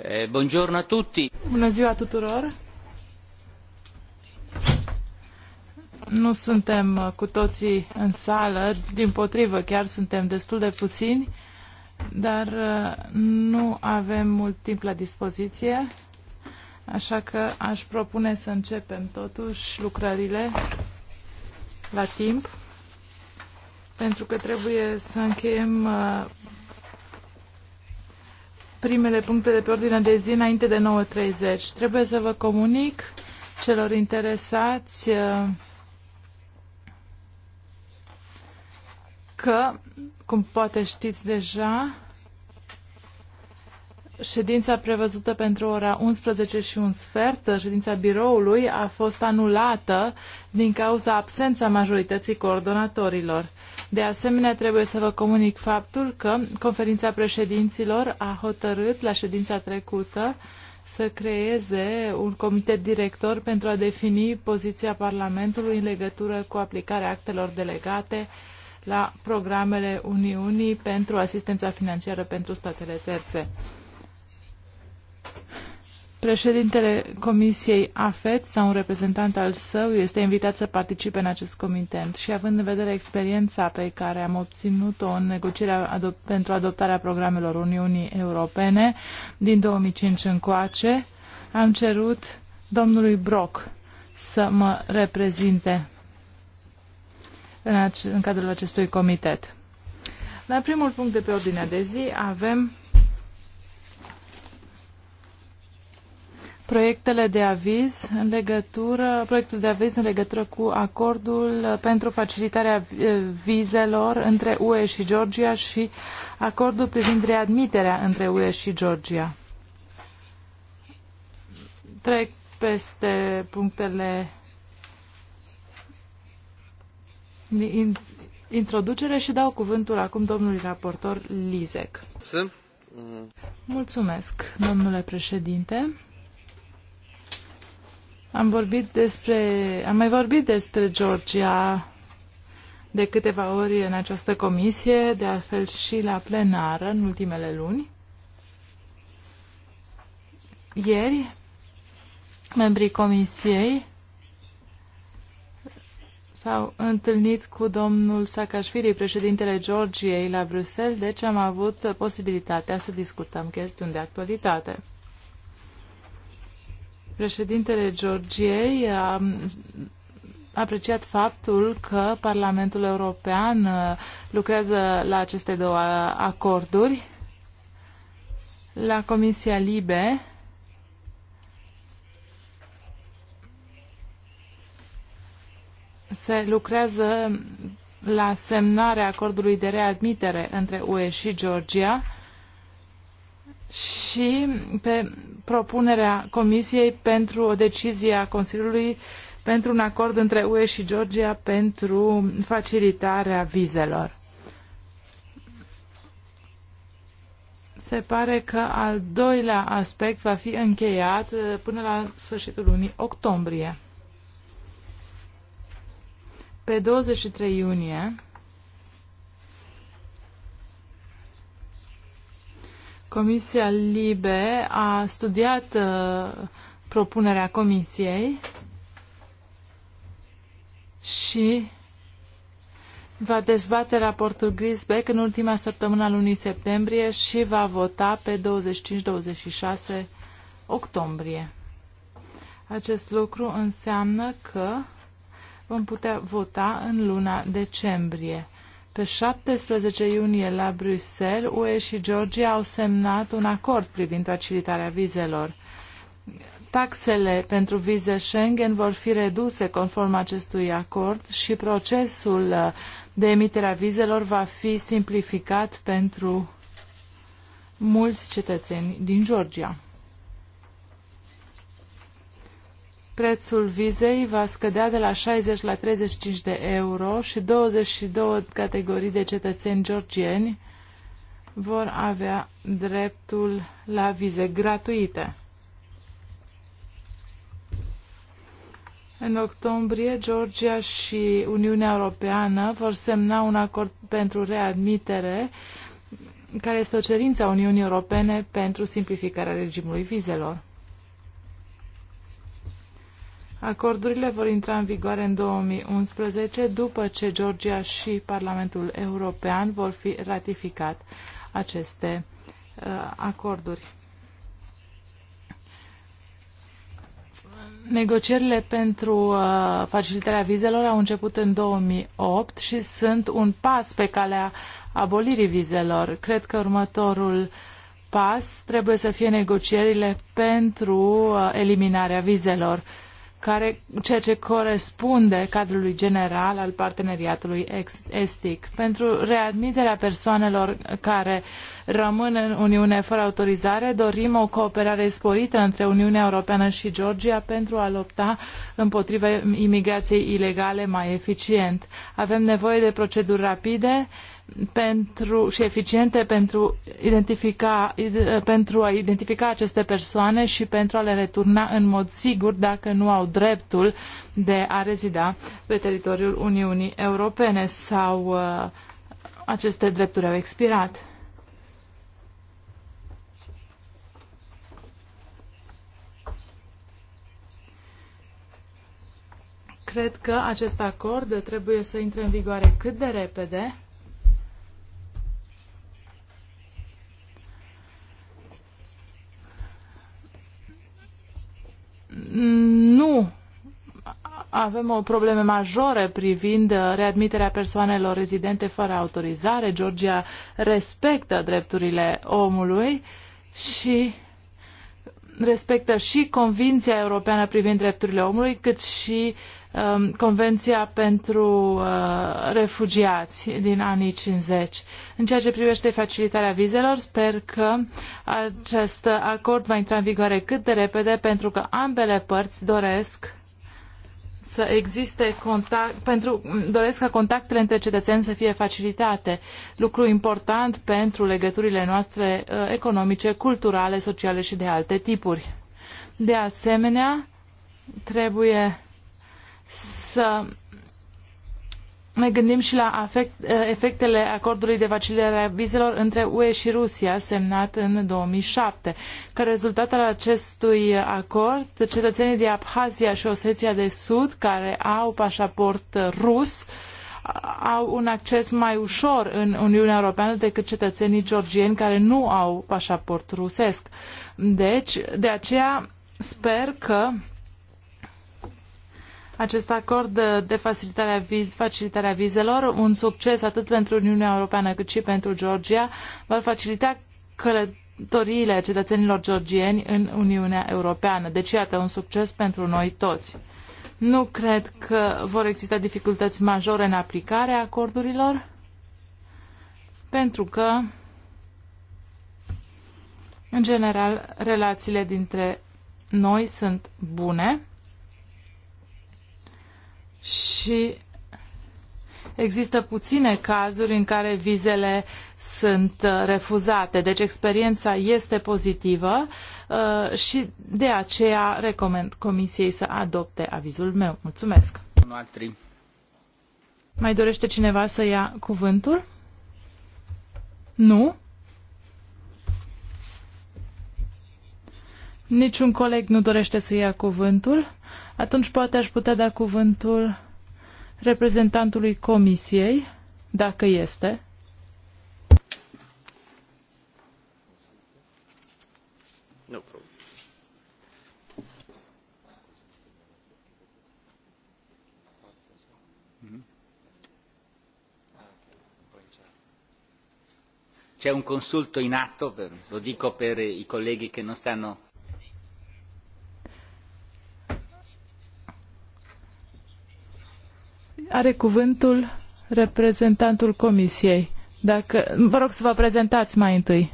Eh, buongiorno a tutti. Bună ziua tuturor. Nu suntem eh, cu toții în sală, din potrivă chiar suntem destul de puțini, dar eh, nu avem mult timp la dispoziție, așa că aș propune să începem totuși lucrările la timp, pentru că trebuie să încheiem primele puncte de pe ordine de zi înainte de 9.30. Trebuie să vă comunic celor interesați uh, că, cum poate știți deja, Ședința prevăzută pentru ora 11 și un sfert, ședința biroului, a fost anulată din cauza absența majorității coordonatorilor. De asemenea, trebuie să vă comunic faptul că conferința președinților a hotărât la ședința trecută să creeze un comitet director pentru a defini poziția Parlamentului în legătură cu aplicarea actelor delegate la programele Uniunii pentru asistența financiară pentru statele terțe. Președintele Comisiei AFET sau un reprezentant al său este invitat să participe în acest comitent și având în vedere experiența pe care am obținut-o în negocierea adop- pentru adoptarea programelor Uniunii Europene din 2005 încoace, am cerut domnului Brock să mă reprezinte în, în cadrul acestui comitet. La primul punct de pe ordinea de zi avem proiectele de aviz în legătură, proiectul de aviz în legătură cu acordul pentru facilitarea eh, vizelor între UE și Georgia și acordul privind readmiterea între UE și Georgia. Trec peste punctele introducere și dau cuvântul acum domnului raportor Lizec. Mulțumesc, domnule președinte. Am vorbit despre, am mai vorbit despre Georgia de câteva ori în această comisie, de altfel și la plenară în ultimele luni. Ieri, membrii comisiei s-au întâlnit cu domnul Sakashvili, președintele Georgiei la Bruxelles, deci am avut posibilitatea să discutăm chestiuni de actualitate. Președintele Georgiei a apreciat faptul că Parlamentul European uh, lucrează la aceste două acorduri. La Comisia Libe se lucrează la semnarea acordului de readmitere între UE și Georgia și pe propunerea Comisiei pentru o decizie a Consiliului pentru un acord între UE și Georgia pentru facilitarea vizelor. Se pare că al doilea aspect va fi încheiat uh, până la sfârșitul lunii octombrie. Pe 23 iunie, Comisia Libe a studiat uh, propunerea Comisiei și va dezbate raportul Grisbeck în ultima săptămână a lunii septembrie și va vota pe 25-26 octombrie. Acest lucru înseamnă că vom putea vota în luna decembrie. Pe 17 iunie la Bruxelles, UE și Georgia au semnat un acord privind facilitarea vizelor. Taxele pentru vize Schengen vor fi reduse conform acestui acord și procesul uh, de emitere a vizelor va fi simplificat pentru mulți cetățeni din Georgia. prețul vizei va scădea de la 60 la 35 de euro și 22 categorii de cetățeni georgieni vor avea dreptul la vize gratuite. În octombrie, Georgia și Uniunea Europeană vor semna un acord pentru readmitere, care este o cerință a Uniunii Europene pentru simplificarea regimului vizelor. Acordurile vor intra în vigoare în 2011, după ce Georgia și Parlamentul European vor fi ratificat aceste uh, acorduri. Negocierile pentru uh, facilitarea vizelor au început în 2008 și sunt un pas pe calea abolirii vizelor. Cred că următorul pas trebuie să fie negocierile pentru uh, eliminarea vizelor. Uh, care, ceea ce corespunde cadrului general al parteneriatului estic. Pentru readmiterea persoanelor care rămân în Uniune fără autorizare, dorim o cooperare sporită între Uniunea Europeană și Georgia pentru a lupta împotriva imigrației ilegale mai eficient. Avem nevoie de proceduri rapide, pentru, și eficiente pentru, identifica, pentru a identifica aceste persoane și pentru a le returna în mod sigur dacă nu au dreptul de a rezida pe teritoriul Uniunii Europene sau uh, aceste drepturi au expirat. Cred că acest acord trebuie să intre în vigoare cât de repede nu avem o probleme majore privind readmiterea persoanelor rezidente fără autorizare. Georgia respectă drepturile omului și respectă și convinția Europeană privind drepturile omului, cât și uh, Um, Convenția pentru uh, refugiați din anii 50. În ceea ce privește facilitarea vizelor, sper că acest acord va intra în vigoare cât de repede, pentru că ambele părți doresc să existe contact, pentru, doresc ca contactele între cetățeni să fie facilitate, lucru important pentru legăturile noastre uh, economice, culturale, sociale și de alte tipuri. De asemenea, trebuie să ne gândim și la afect, efectele acordului de vaciliere a vizelor între UE și Rusia, semnat în 2007. Ca rezultat al acestui acord, cetățenii de Abhazia și Osetia de Sud, care au pașaport rus, au un acces mai ușor în Uniunea Europeană decât cetățenii georgieni care nu au pașaport rusesc. Deci, de aceea sper că acest acord de, facilitare facilitarea, viz, facilitarea vizelor, un succes atât pentru Uniunea Europeană cât și pentru Georgia, va facilita călătoriile cetățenilor georgieni în Uniunea Europeană. Deci, iată, un succes pentru noi toți. Nu cred că vor exista dificultăți majore în aplicarea acordurilor, pentru că, în general, relațiile dintre noi sunt bune și există puține cazuri în care vizele sunt uh, refuzate. Deci experiența este pozitivă uh, și de aceea recomand Comisiei să adopte avizul meu. Mulțumesc! Mai dorește cineva să ia cuvântul? Nu? Niciun coleg nu dorește să ia cuvântul? atunci poate aș putea da cuvântul reprezentantului comisiei, dacă este. problem. C'è un consulto in atto, per, lo dico per i colleghi che non stanno are cuvântul reprezentantul Comisiei. Dacă, vă rog să vă prezentați mai întâi.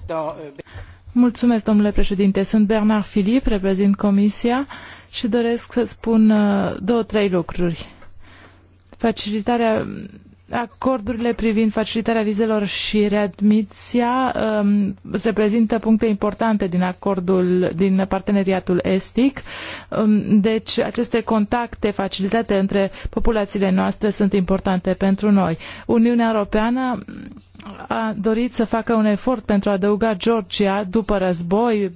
Mulțumesc, domnule președinte. Sunt Bernard Filip, reprezint Comisia și doresc să spun uh, două, trei lucruri. Facilitarea Acordurile privind facilitarea vizelor și readmisia um, reprezintă puncte importante din acordul, din parteneriatul estic. Um, deci aceste contacte facilitate între populațiile noastre sunt importante pentru noi. Uniunea Europeană a dorit să facă un efort pentru a adăuga Georgia după război,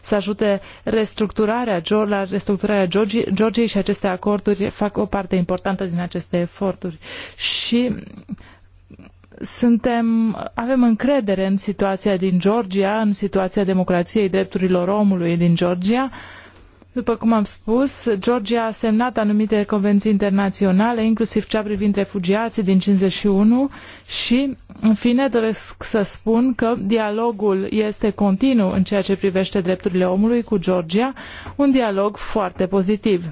să ajute restructurarea, la restructurarea Georgiei și aceste acorduri fac o parte importantă din aceste eforturi. Și suntem, avem încredere în situația din Georgia, în situația democrației drepturilor omului din Georgia. Uh, după cum am spus, Georgia a semnat anumite convenții internaționale, inclusiv cea privind refugiații din 51 și, în fine, doresc să spun că dialogul este continuu în ceea ce privește drepturile omului cu Georgia, un dialog foarte pozitiv.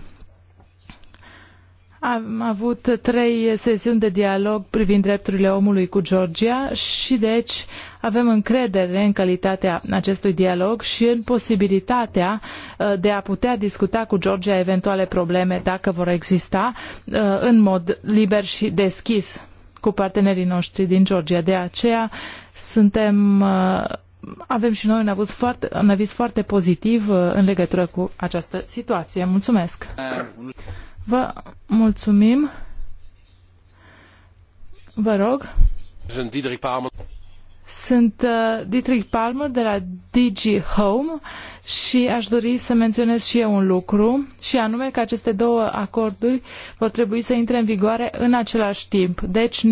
Am avut trei sesiuni de dialog privind drepturile omului cu Georgia și deci avem încredere în calitatea acestui dialog și în posibilitatea uh, de a putea discuta cu Georgia eventuale probleme, dacă vor exista, uh, în mod liber și deschis cu partenerii noștri din Georgia. De aceea suntem, uh, avem și noi un aviz foarte, un aviz foarte pozitiv în legătură cu această situație. Mulțumesc! Vă mulțumim. Vă rog. Sunt Diederik Paamon. Sunt uh, Dietrich Palmer de la DG Home și aș dori să menționez și eu un lucru, și anume că aceste două acorduri vor trebui să intre în vigoare în același timp. Deci,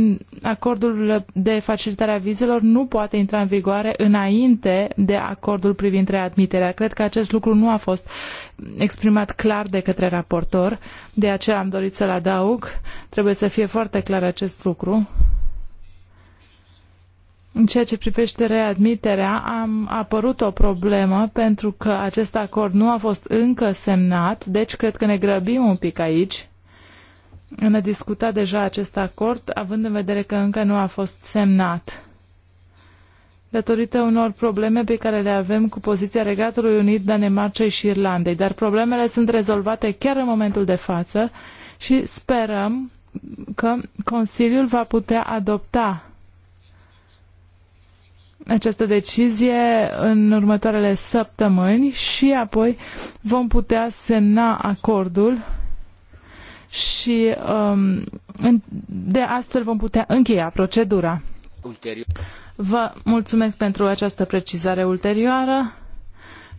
acordul de facilitare a vizelor nu poate intra în vigoare înainte de acordul privind readmiterea. Cred că acest lucru nu a fost exprimat clar de către raportor, de aceea am dorit să-l adaug. Trebuie să fie foarte clar acest lucru în ceea ce privește readmiterea, am apărut o problemă pentru că acest acord nu a fost încă semnat, deci cred că ne grăbim un pic aici Am discutat discuta deja acest acord, având în vedere că încă nu a fost semnat. Datorită unor probleme pe care le avem cu poziția Regatului Unit, Danemarcei și Irlandei, dar problemele sunt rezolvate chiar în momentul de față și sperăm că Consiliul va putea adopta această decizie în următoarele săptămâni și apoi vom putea semna acordul și um, de astfel vom putea încheia procedura. Ulterior. Vă mulțumesc pentru această precizare ulterioară.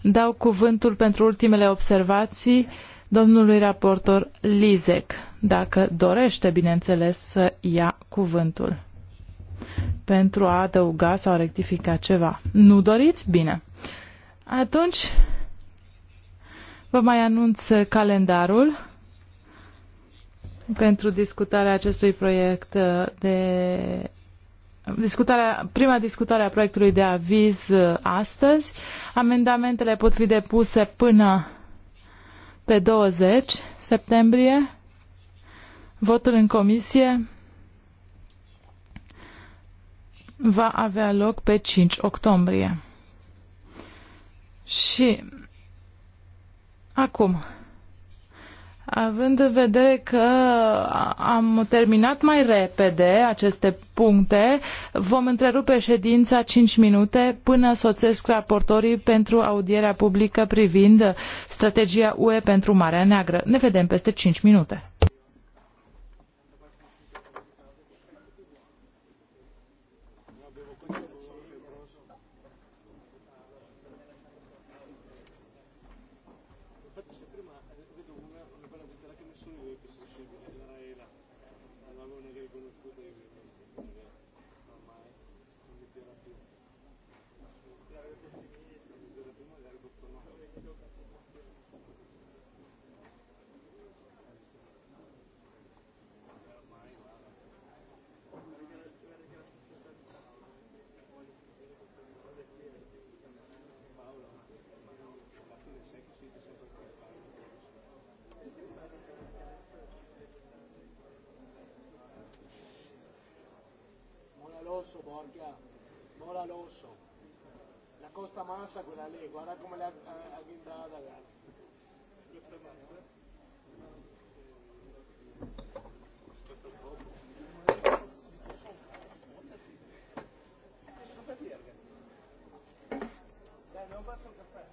Dau cuvântul pentru ultimele observații domnului raportor Lizec, dacă dorește, bineînțeles, să ia cuvântul pentru a adăuga sau a rectifica ceva. Nu doriți? Bine. Atunci vă mai anunț calendarul pentru discutarea acestui proiect uh, de discutarea, prima discutare a proiectului de aviz uh, astăzi. Amendamentele pot fi depuse până pe 20 septembrie. Votul în comisie va avea loc pe 5 octombrie. Și acum, având în vedere că am terminat mai repede aceste puncte, vom întrerupe ședința 5 minute până soțesc raportorii pentru audierea publică privind strategia UE pentru Marea Neagră. Ne vedem peste 5 minute. Alonso, Borgia, Mora Alonso, la Costa Massa quella lì, guarda come l'ha agghindata ragazzi. Questa è massa. Dai, non basta un caffè.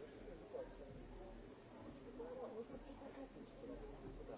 Da.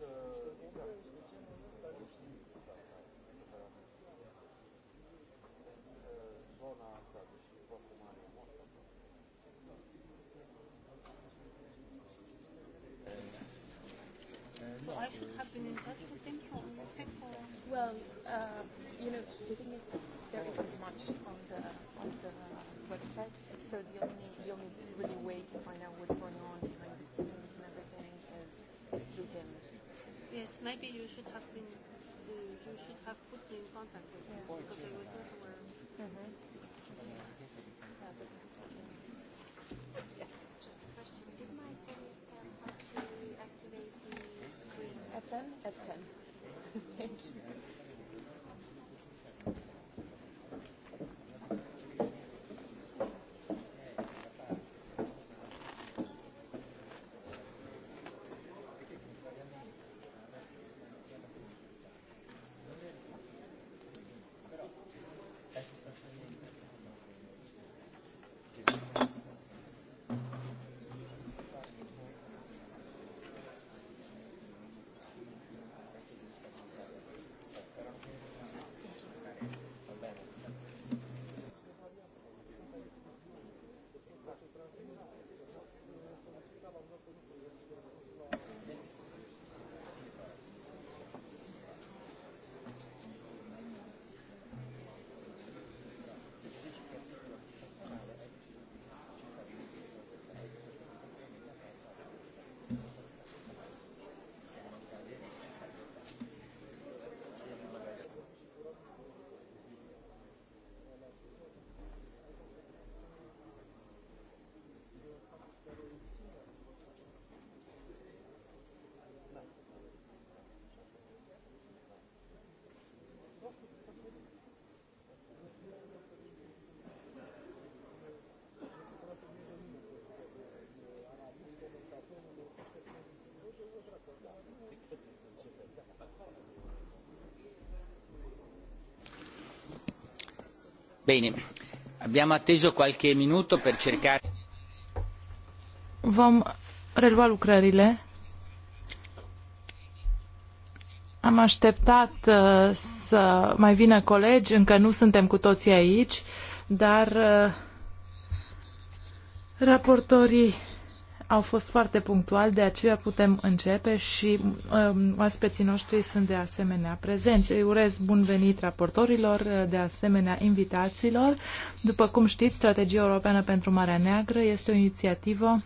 I should have been in touch with them for respect for. Well, uh, you know, the thing is that there isn't much on the on the website, so the only the only really way to find out what's going on behind the scenes and everything is through him. Yes, maybe you should have been uh, you should have put me in contact with him yeah. because I was Mm-hmm. Yeah. 10 at 10. Thank you. Bine, abbiamo atteso qualche minuto per cercare... Vom relua lucrările. Am așteptat uh, să mai vină colegi, încă nu suntem cu toții aici, dar uh, raportorii au fost foarte punctuali, de aceea putem începe și um, oaspeții noștri sunt de asemenea prezenți. Îi urez bun venit raportorilor, de asemenea invitațiilor. După cum știți, Strategia Europeană pentru Marea Neagră este o inițiativă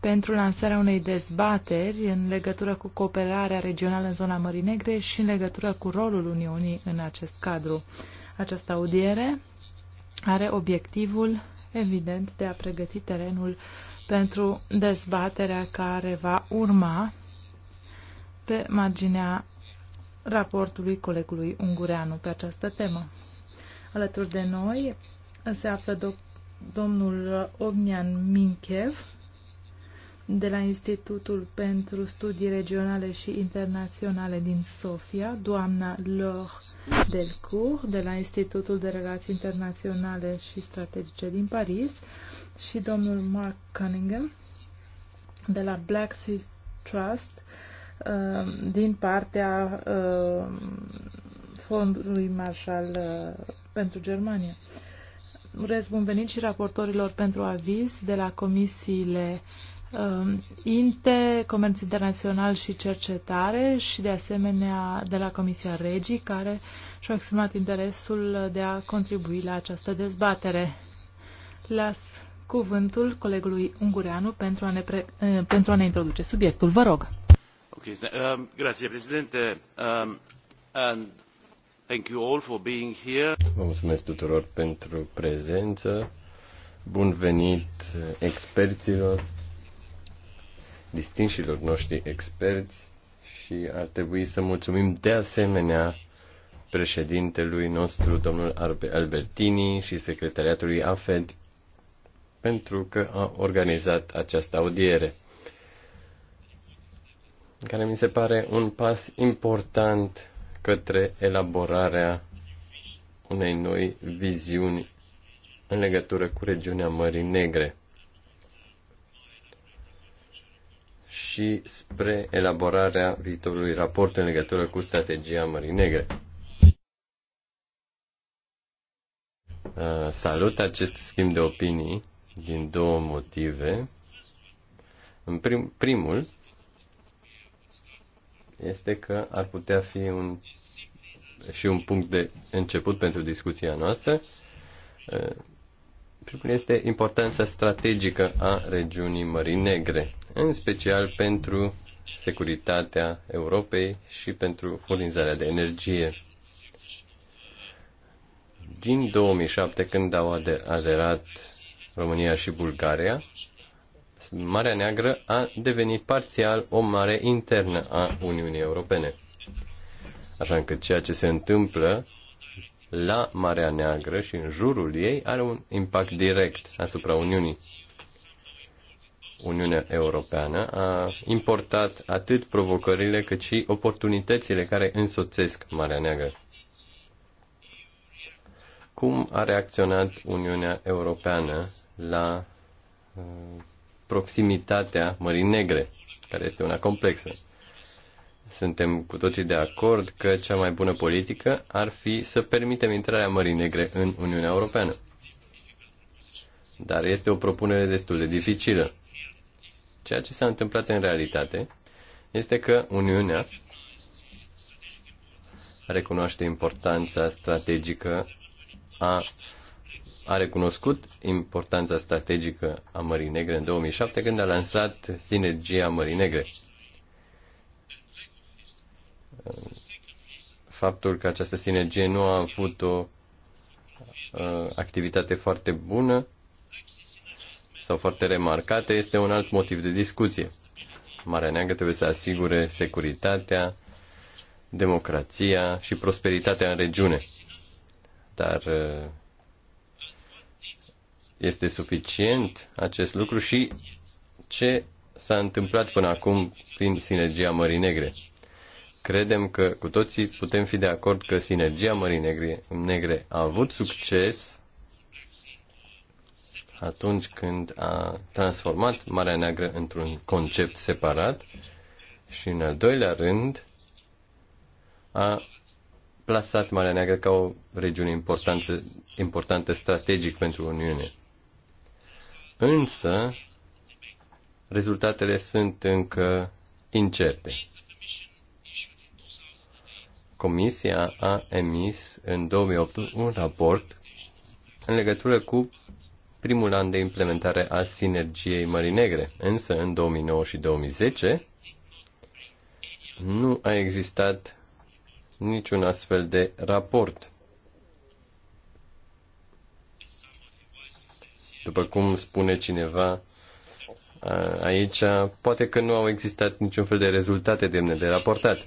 pentru lansarea unei dezbateri în legătură cu cooperarea regională în zona Mării Negre și în legătură cu rolul Uniunii în acest cadru. Această audiere are obiectivul, evident, de a pregăti terenul uh, pentru dezbaterea care va urma pe marginea raportului colegului Ungureanu pe această temă. Alături de noi se află do- domnul Ognian Minchev de la Institutul pentru Studii Regionale și Internaționale din Sofia, doamna Lor Delcourt de la Institutul de Relații Internaționale și Strategice din Paris, și domnul Mark Cunningham de la Black Sea Trust uh, din partea uh, fondului Marshall uh, pentru Germania. Urez bun venit și raportorilor pentru aviz de la comisiile um, INTE, Comerț Internațional și Cercetare și de asemenea de la Comisia Regii care și-au exprimat interesul de a contribui la această dezbatere. Las cuvântul colegului Ungureanu pentru a ne, pre, eh, pentru a ne introduce subiectul. Vă rog. Okay, um, grazie, președinte. Um, and thank you all for being here. Vă mulțumesc tuturor pentru prezență. Bun venit eh, experților, distinșilor noștri experți și ar trebui să mulțumim de asemenea președintelui nostru, domnul Albertini, și secretariatului AFED pentru că a organizat această audiere, care mi se pare un pas important către elaborarea unei noi viziuni în legătură cu regiunea Mării Negre și spre elaborarea viitorului raport în legătură cu strategia Mării Negre. Uh, salut acest schimb de opinii din două motive. În prim, primul este că ar putea fi un, și un punct de început pentru discuția noastră. Primul este importanța strategică a regiunii Mării Negre, în special pentru securitatea Europei și pentru furnizarea de energie. Din 2007, când au aderat România și Bulgaria, Marea Neagră a devenit parțial o mare internă a Uniunii Europene. Așa încât ceea ce se întâmplă la Marea Neagră și în jurul ei are un impact direct asupra Uniunii. Uniunea Europeană a importat atât provocările cât și oportunitățile care însoțesc Marea Neagră. Cum a reacționat Uniunea Europeană la uh, proximitatea Mării Negre, care este una complexă. Suntem cu toții de acord că cea mai bună politică ar fi să permitem intrarea Mării Negre în Uniunea Europeană. Dar este o propunere destul de dificilă. Ceea ce s-a întâmplat în realitate este că Uniunea recunoaște importanța strategică a a recunoscut importanța strategică a Mării Negre în 2007 când a lansat Sinergia Mării Negre. Faptul că această sinergie nu a avut o uh, activitate foarte bună sau foarte remarcată este un alt motiv de discuție. Marea Neagră trebuie să asigure securitatea, democrația și prosperitatea în regiune. Dar uh, este suficient acest lucru și ce s-a întâmplat până acum prin sinergia Mării Negre? Credem că cu toții putem fi de acord că sinergia Mării Negre, Negre a avut succes atunci când a transformat Marea Neagră într-un concept separat și, în al doilea rând, a plasat Marea Neagră ca o regiune importantă, importantă strategic pentru Uniune însă rezultatele sunt încă incerte. Comisia a emis în 2008 un raport în legătură cu primul an de implementare a sinergiei Mării Negre, însă în 2009 și 2010 nu a existat niciun astfel de raport După cum spune cineva aici, poate că nu au existat niciun fel de rezultate demne de raportat.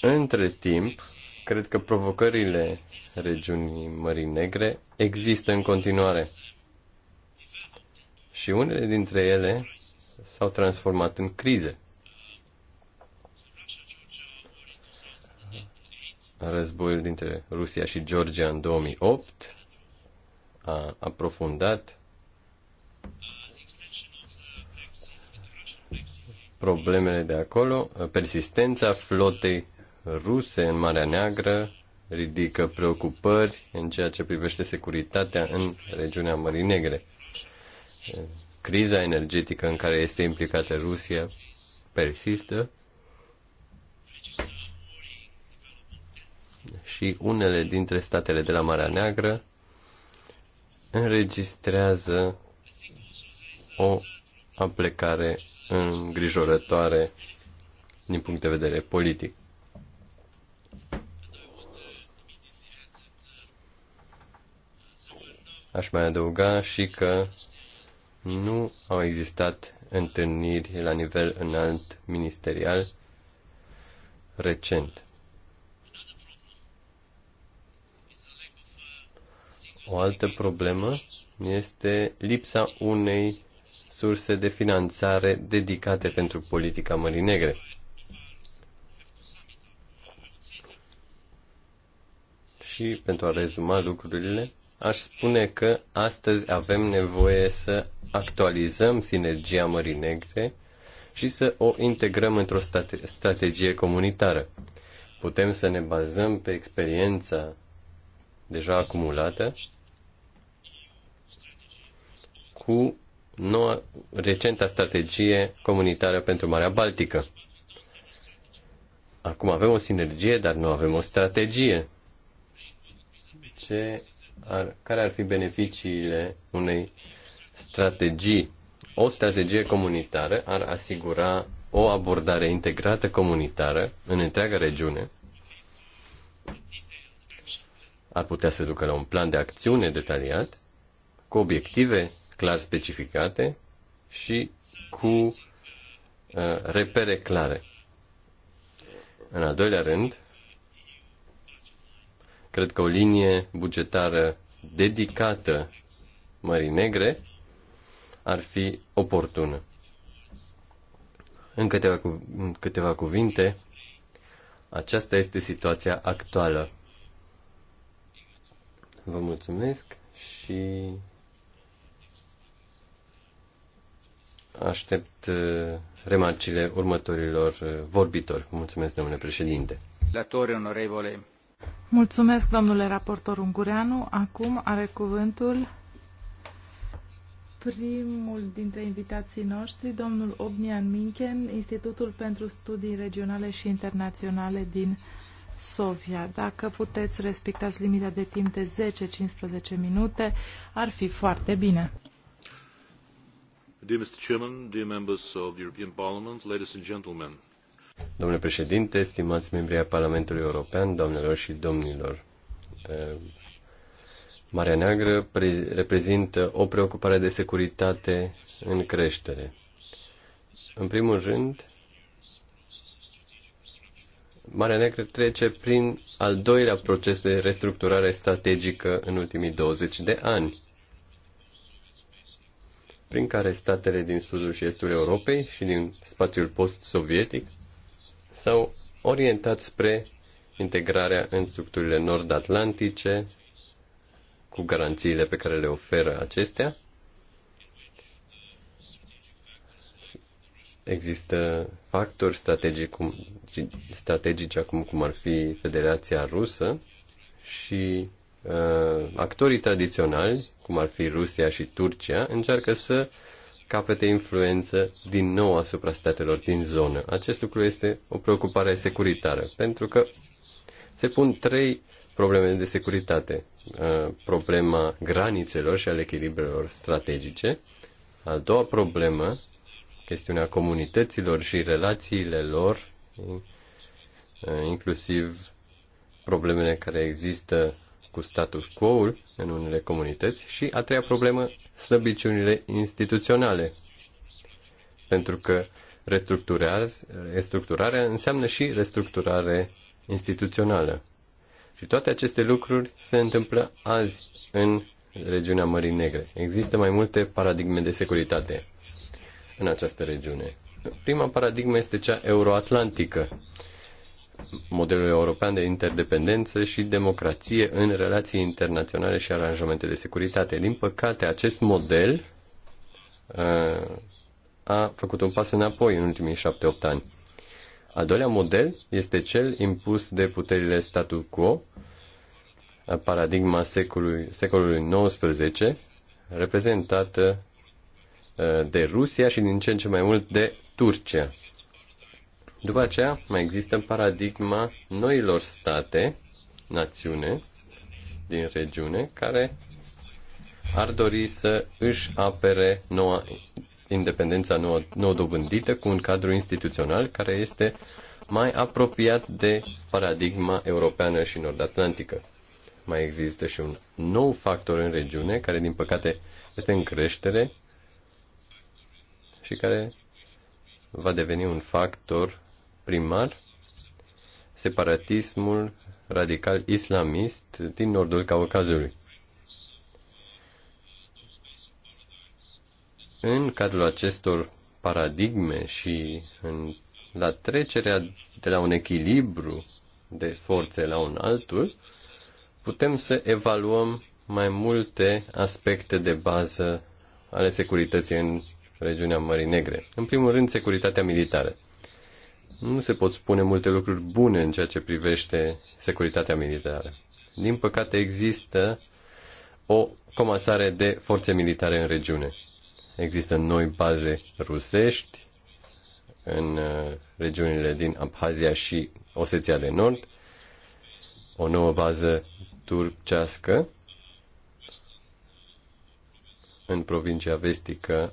Între timp, cred că provocările regiunii Mării Negre există în continuare. Și unele dintre ele s-au transformat în crize. Războiul dintre Rusia și Georgia în 2008, a aprofundat problemele de acolo. Persistența flotei ruse în Marea Neagră ridică preocupări în ceea ce privește securitatea în regiunea Mării Negre. Criza energetică în care este implicată Rusia persistă și unele dintre statele de la Marea Neagră înregistrează o aplecare îngrijorătoare din punct de vedere politic. Aș mai adăuga și că nu au existat întâlniri la nivel înalt ministerial recent. O altă problemă este lipsa unei surse de finanțare dedicate pentru politica Mării Negre. Și pentru a rezuma lucrurile, aș spune că astăzi avem nevoie să actualizăm sinergia Mării Negre și să o integrăm într-o strategie comunitară. Putem să ne bazăm pe experiența deja acumulate cu noua recenta strategie comunitară pentru Marea Baltică. Acum avem o sinergie, dar nu avem o strategie. Ce ar, care ar fi beneficiile unei strategii? O strategie comunitară ar asigura o abordare integrată comunitară în întreaga regiune, ar putea să ducă la un plan de acțiune detaliat, cu obiective clar specificate și cu uh, repere clare. În al doilea rând, cred că o linie bugetară dedicată Mării Negre ar fi oportună. În câteva, cu, în câteva cuvinte, aceasta este situația actuală Vă mulțumesc și aștept uh, remarcile următorilor uh, vorbitori. Mulțumesc, domnule președinte. Latori, onorevole. Mulțumesc, domnule raportor Ungureanu. Acum are cuvântul primul dintre invitații noștri, domnul Obnian Minken, Institutul pentru Studii Regionale și Internaționale din Sofia, dacă puteți respectați limita de timp de 10-15 minute, ar fi foarte bine. Dear Mr. Chairman, dear members of the European Parliament, ladies and gentlemen. Domnule președinte, stimați membri ai Parlamentului European, domnilor și domnilor. Eh, Marea Neagră reprezintă o preocupare de securitate în creștere. În primul rând, Marea Neagră trece prin al doilea proces de restructurare strategică în ultimii 20 de ani, prin care statele din sudul și estul Europei și din spațiul post-sovietic s-au orientat spre integrarea în structurile nord-atlantice, cu garanțiile pe care le oferă acestea, Există factori strategici cum, strategici acum cum ar fi Federația Rusă și uh, actorii tradiționali, cum ar fi Rusia și Turcia, încearcă să capete influență din nou asupra statelor din zonă. Acest lucru este o preocupare securitară, pentru că se pun trei probleme de securitate. Uh, problema granițelor și al echilibrelor strategice. A doua problemă chestiunea comunităților și relațiile lor, inclusiv problemele care există cu status quo în unele comunități și a treia problemă, slăbiciunile instituționale. Pentru că restructurarea înseamnă și restructurare instituțională. Și toate aceste lucruri se întâmplă azi în regiunea Mării Negre. Există mai multe paradigme de securitate în această regiune. Prima paradigmă este cea euroatlantică, modelul european de interdependență și democrație în relații internaționale și aranjamente de securitate. Din păcate, acest model uh, a făcut un pas înapoi în ultimii șapte-opt ani. Al doilea model este cel impus de puterile statu quo, paradigma secolului, secolului XIX, reprezentată Eh, de Rusia și din ce în ce mai mult de Turcia. După aceea mai există paradigma noilor state, națiune din regiune, care ar dori să își apere noua independența nouă, nouă dobândită cu un cadru instituțional care este mai apropiat de paradigma europeană și nord-atlantică. Mai există și un nou factor în regiune care, din păcate, este în creștere și care va deveni un factor primar separatismul radical islamist din nordul Caucazului. În cadrul acestor paradigme și în, la trecerea de la un echilibru de forțe la un altul, putem să evaluăm mai multe aspecte de bază ale securității în regiunea Mării Negre. În primul rând, securitatea militară. Nu se pot spune multe lucruri bune în ceea ce privește securitatea militară. Din păcate, există o comasare de forțe militare în regiune. Există noi baze rusești în uh, regiunile din Abhazia și Oseția de Nord, o nouă bază turcească în provincia vestică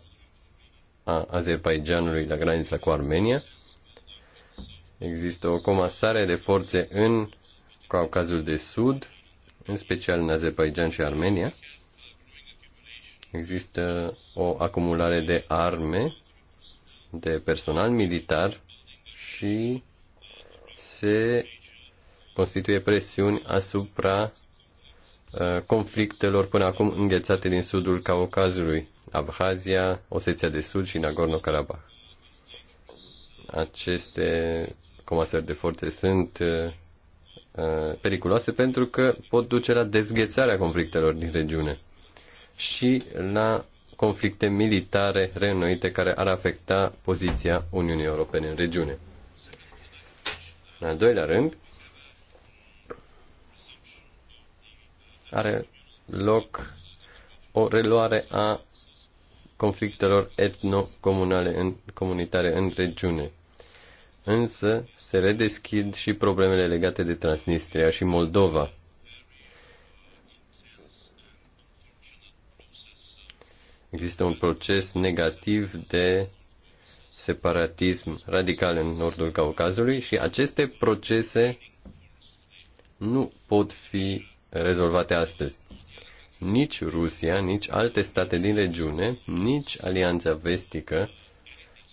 a Azerbaijanului la granița cu Armenia. Există o comasare de forțe în Caucazul de Sud, în special în Azerbaijan și Armenia. Există o acumulare de arme, de personal militar și se constituie presiuni asupra uh, conflictelor până acum înghețate din sudul Caucazului. Abhazia, Oseția de Sud și Nagorno-Karabakh. Aceste comasări de forțe sunt uh, uh, periculoase pentru că pot duce la dezghețarea conflictelor din regiune și la conflicte militare reînnoite care ar afecta poziția Uniunii Europene în regiune. În al doilea rând, are loc o reluare a conflictelor etno-comunale în, comunitare în regiune. Însă se redeschid și problemele legate de Transnistria și Moldova. Există un proces negativ de separatism radical în nordul Caucazului și aceste procese nu pot fi rezolvate astăzi. Nici Rusia, nici alte state din regiune, nici Alianța Vestică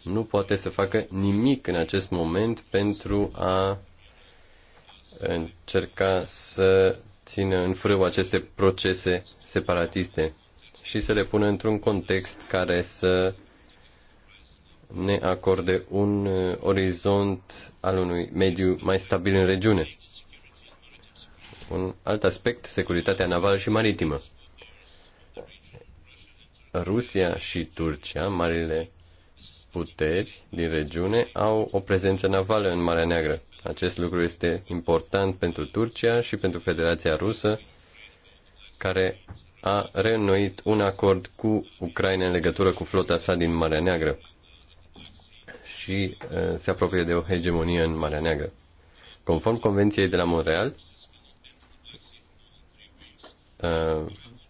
nu poate să facă nimic în acest moment pentru a încerca să țină în frâu aceste procese separatiste și să le pună într-un context care să ne acorde un uh, orizont al unui mediu mai stabil în regiune. Un alt aspect, securitatea navală și maritimă. Rusia și Turcia, marile puteri din regiune, au o prezență navală în Marea Neagră. Acest lucru este important pentru Turcia și pentru Federația Rusă, care a reînnoit un acord cu Ucraina în legătură cu flota sa din Marea Neagră și uh, se apropie de o hegemonie în Marea Neagră. Conform Convenției de la Montreal, uh,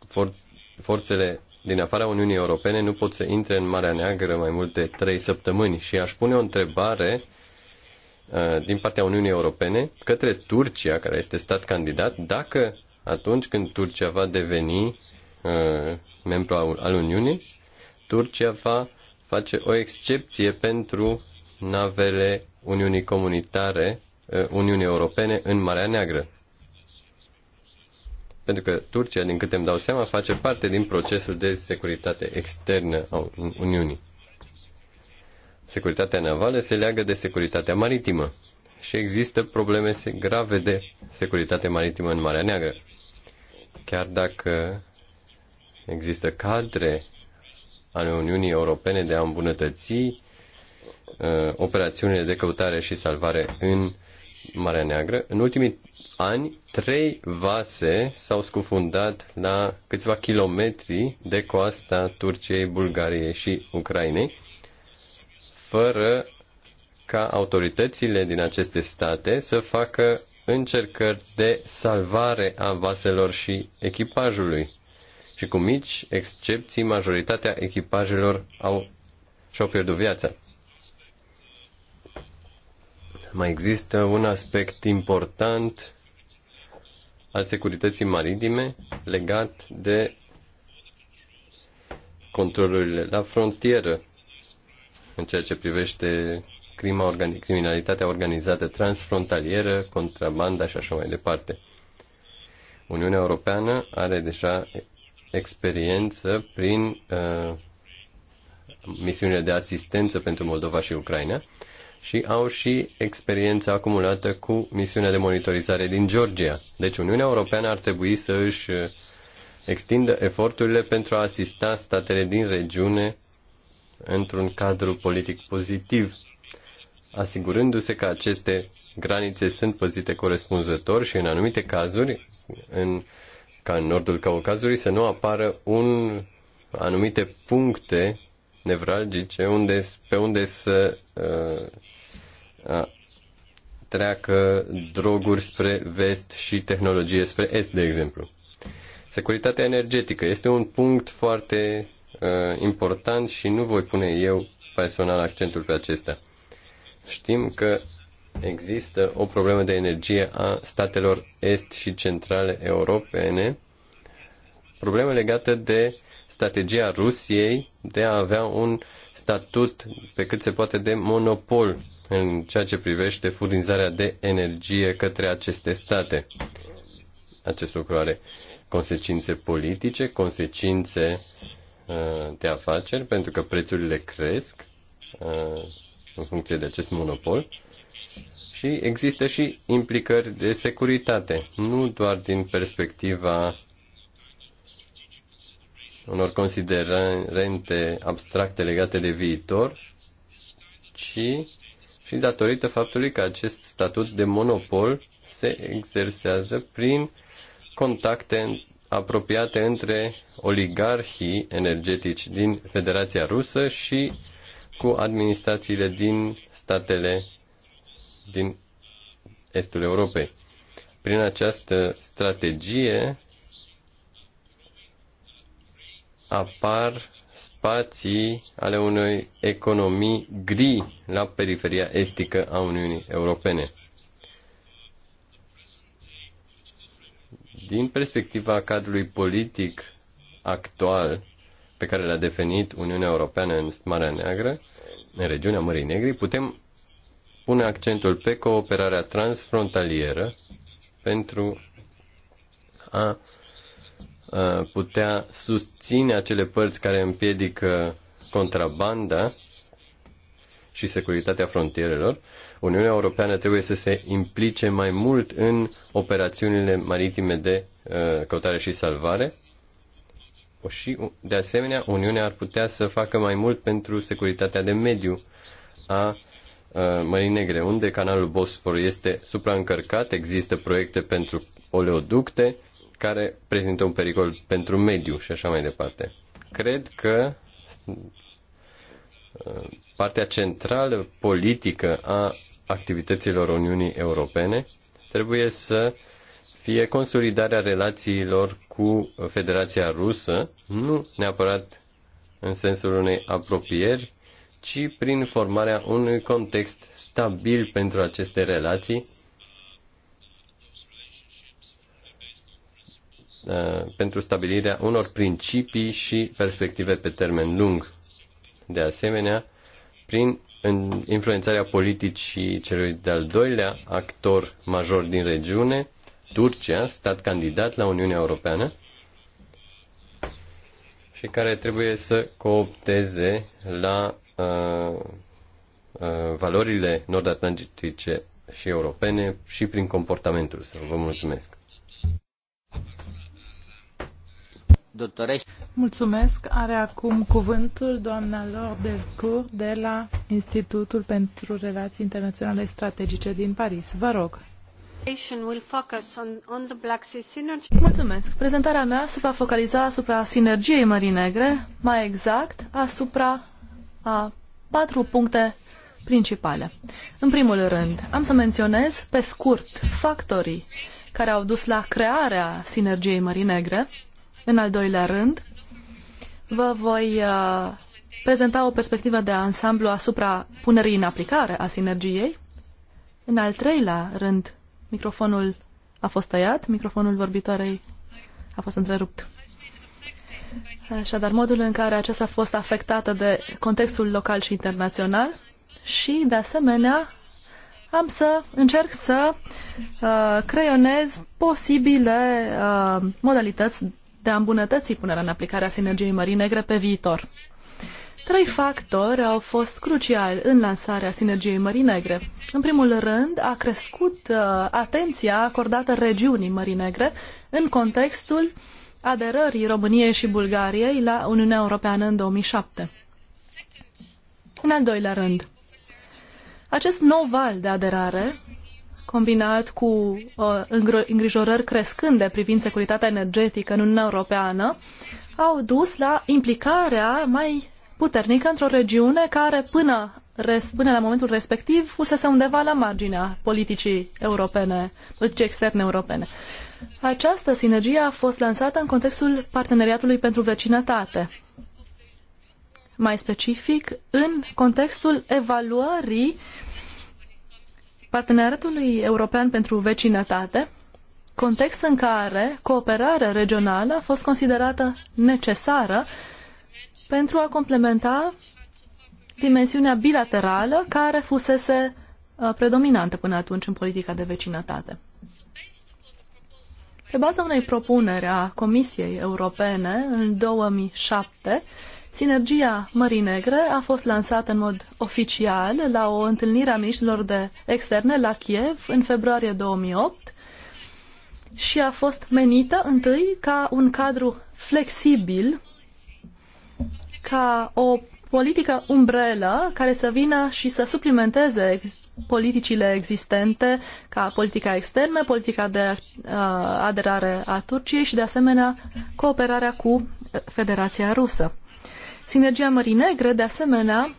for- forțele din afara Uniunii Europene nu pot să intre în Marea Neagră mai mult de trei săptămâni. Și aș pune o întrebare uh, din partea Uniunii Europene către Turcia, care este stat candidat, dacă atunci când Turcia va deveni uh, membru al Uniunii, Turcia va face o excepție pentru navele Uniunii Comunitare, uh, Uniunii Europene în Marea Neagră. Pentru că Turcia, din câte îmi dau seama, face parte din procesul de securitate externă a Uniunii. Securitatea navală se leagă de securitatea maritimă și există probleme grave de securitate maritimă în Marea Neagră. Chiar dacă există cadre ale Uniunii Europene de a îmbunătăți uh, operațiunile de căutare și salvare în Marea Neagră, în ultimii ani, trei vase s-au scufundat la câțiva kilometri de coasta Turciei, Bulgariei și Ucrainei, fără ca autoritățile din aceste state să facă încercări de salvare a vaselor și echipajului. Și cu mici excepții, majoritatea echipajelor au și-au pierdut viața. Mai există un aspect important al securității maritime legat de controlurile la frontieră în ceea ce privește crima organi- criminalitatea organizată transfrontalieră, contrabanda și așa mai departe. Uniunea Europeană are deja experiență prin uh, misiunile de asistență pentru Moldova și Ucraina și au și experiența acumulată cu misiunea de monitorizare din Georgia. Deci Uniunea Europeană ar trebui să își uh, extindă eforturile pentru a asista statele din regiune într-un cadru politic pozitiv, asigurându-se că aceste granițe sunt păzite corespunzător și în anumite cazuri, în, ca în nordul Caucazului, să nu apară un anumite puncte nevralgice unde, pe unde să uh, treacă droguri spre vest și tehnologie spre est, de exemplu. Securitatea energetică este un punct foarte uh, important și nu voi pune eu personal accentul pe acesta. Știm că există o problemă de energie a statelor est și centrale europene, problemă legată de strategia Rusiei de a avea un statut pe cât se poate de monopol în ceea ce privește furnizarea de energie către aceste state. Acest lucru are consecințe politice, consecințe uh, de afaceri, pentru că prețurile cresc uh, în funcție de acest monopol și există și implicări de securitate, nu doar din perspectiva unor considerente abstracte legate de viitor, ci și datorită faptului că acest statut de monopol se exersează prin contacte apropiate între oligarhii energetici din Federația Rusă și cu administrațiile din statele din estul Europei. Prin această strategie apar spații ale unei economii gri la periferia estică a Uniunii Europene. Din perspectiva cadrului politic actual pe care l-a definit Uniunea Europeană în Marea Neagră, în regiunea Mării Negri, putem pune accentul pe cooperarea transfrontalieră pentru a uh, Uh, putea susține acele părți care împiedică contrabanda și securitatea frontierelor, Uniunea Europeană trebuie să se implice mai mult în operațiunile maritime de uh, căutare și salvare și, de asemenea, Uniunea ar putea să facă mai mult pentru securitatea de mediu a uh, Mării Negre, unde canalul Bosfor este supraîncărcat, există proiecte pentru oleoducte care prezintă un pericol pentru mediu și așa mai departe. Cred că uh, partea centrală politică a activităților Uniunii Europene trebuie să fie consolidarea relațiilor cu Federația Rusă, nu neapărat în sensul unei apropieri, ci prin formarea unui context stabil pentru aceste relații Uh, pentru stabilirea unor principii și perspective pe termen lung. De asemenea, prin influențarea politicii celui de-al doilea actor major din regiune, Turcia, stat candidat la Uniunea Europeană, și care trebuie să coopteze la uh, uh, valorile nord-atlantice și europene și prin comportamentul său. Vă mulțumesc! doctorești. Mulțumesc. Are acum cuvântul doamna Laure Delcourt de la Institutul pentru Relații Internaționale Strategice din Paris. Vă rog. Mulțumesc. Prezentarea mea se va focaliza asupra sinergiei Mării Negre, mai exact asupra a patru puncte principale. În primul rând, am să menționez pe scurt factorii care au dus la crearea sinergiei Mării Negre, în al doilea rând, vă voi uh, prezenta o perspectivă de ansamblu asupra punerii în aplicare a sinergiei. În al treilea rând, microfonul a fost tăiat, microfonul vorbitoarei a fost întrerupt. Așadar, modul în care aceasta a fost afectată de contextul local și internațional și, de asemenea, am să încerc să uh, creionez posibile uh, modalități de a îmbunătăți punerea în aplicare a sinergiei Mării Negre pe viitor. Trei factori au fost cruciali în lansarea sinergiei Mării Negre. În primul rând, a crescut uh, atenția acordată regiunii Mării Negre în contextul aderării României și Bulgariei la Uniunea Europeană în 2007. În al doilea rând, acest nou val de aderare combinat cu uh, îngrijorări crescânde privind securitatea energetică în Uniunea Europeană, au dus la implicarea mai puternică într-o regiune care până, res, până la momentul respectiv fusese undeva la marginea politicii europene, politicii externe europene. Această sinergie a fost lansată în contextul parteneriatului pentru vecinătate, mai specific în contextul evaluării uh, Parteneriatului European pentru Vecinătate, context în care cooperarea regională a fost considerată necesară pentru a complementa dimensiunea bilaterală care fusese uh, predominantă până atunci în politica de vecinătate. Pe baza unei propuneri a Comisiei Europene în 2007, Sinergia Mării Negre a fost lansată în mod oficial la o întâlnire a miniștrilor de externe la Kiev în februarie 2008 și a fost menită întâi ca un cadru flexibil, ca o politică umbrelă care să vină și să suplimenteze politicile existente, ca politica externă, politica de uh, aderare a Turciei și, de asemenea, cooperarea cu Federația Rusă. Sinergia Mării Negre, de asemenea,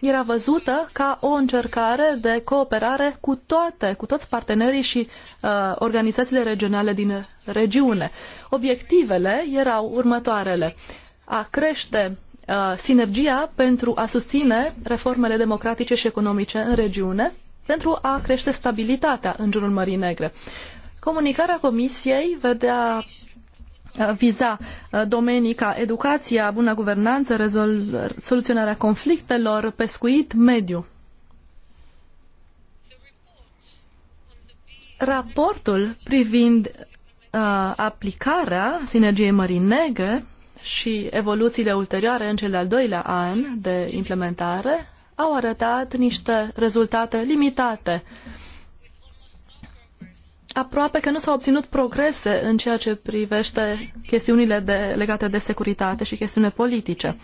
era văzută ca o încercare de cooperare cu toate, cu toți partenerii și uh, organizațiile regionale din regiune. Obiectivele erau următoarele. A crește uh, sinergia pentru a susține reformele democratice și economice în regiune, pentru a crește stabilitatea în jurul Mării Negre. Comunicarea Comisiei vedea Uh, viza uh, domenii ca educația, bună guvernanță, rezol... soluționarea conflictelor, pescuit, mediu. Raportul privind uh, aplicarea sinergiei Mării Negre și evoluțiile ulterioare în cel de-al doilea an de implementare au arătat niște rezultate limitate uh, aproape că nu s-au obținut progrese în ceea ce privește chestiunile de, legate de securitate și chestiune politice.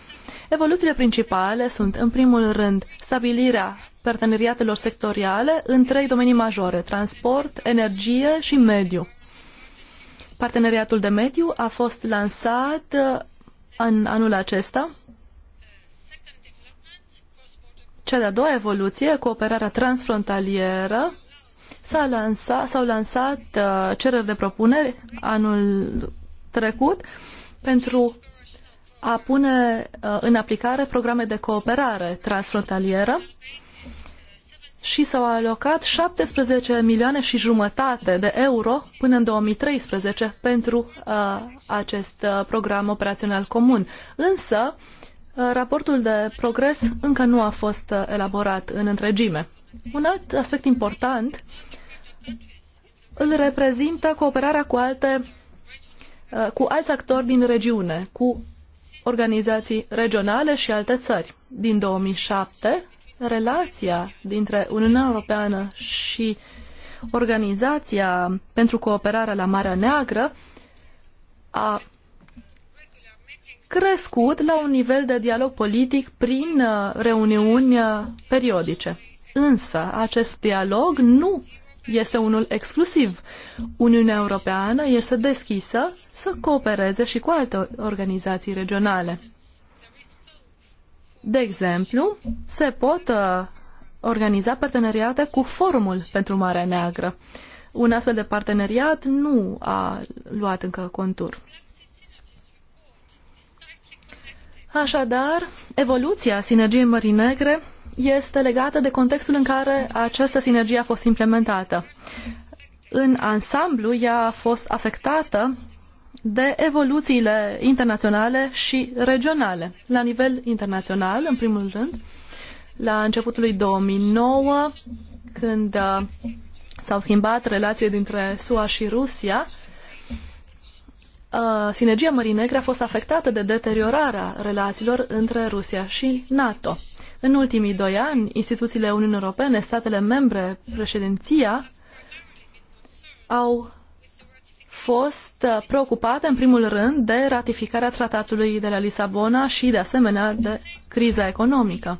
Evoluțiile principale sunt, în primul rând, stabilirea parteneriatelor sectoriale în trei domenii majore, transport, energie și mediu. Parteneriatul de mediu a fost lansat în uh, anul acesta. Cea de-a doua evoluție, cooperarea transfrontalieră, S-a lansat s-au lansat uh, cereri de propuneri anul trecut pentru a pune uh, în aplicare programe de cooperare transfrontalieră și s-au alocat 17 milioane și jumătate de euro până în 2013 pentru uh, acest uh, program operațional comun. Însă, uh, raportul de progres încă nu a fost uh, elaborat în întregime. Un alt aspect important uh, îl reprezintă cooperarea cu alte uh, cu alți actori din regiune, cu organizații regionale și alte țări. Din 2007, relația dintre Uniunea Europeană și Organizația pentru Cooperarea la Marea Neagră a crescut la un nivel de dialog politic prin uh, reuniuni uh, periodice. Însă, acest dialog nu este unul exclusiv. Uniunea Europeană este deschisă să coopereze și cu alte organizații regionale. De exemplu, se pot uh, organiza parteneriate cu Forumul pentru Marea Neagră. Un astfel de parteneriat nu a luat încă contur. Așadar, evoluția sinergiei Mării Negre este legată de contextul în care această sinergie a fost implementată. În ansamblu, ea a fost afectată de evoluțiile internaționale și regionale. La nivel internațional, în primul rând, la începutul lui 2009, când uh, s-au schimbat relațiile dintre SUA și Rusia, uh, sinergia Mării Negre a fost afectată de deteriorarea relațiilor între Rusia și NATO. În ultimii doi ani, instituțiile Uniunii Europene, statele membre, președinția, au fost uh, preocupate, în primul rând, de ratificarea tratatului de la Lisabona și, de asemenea, de criza economică.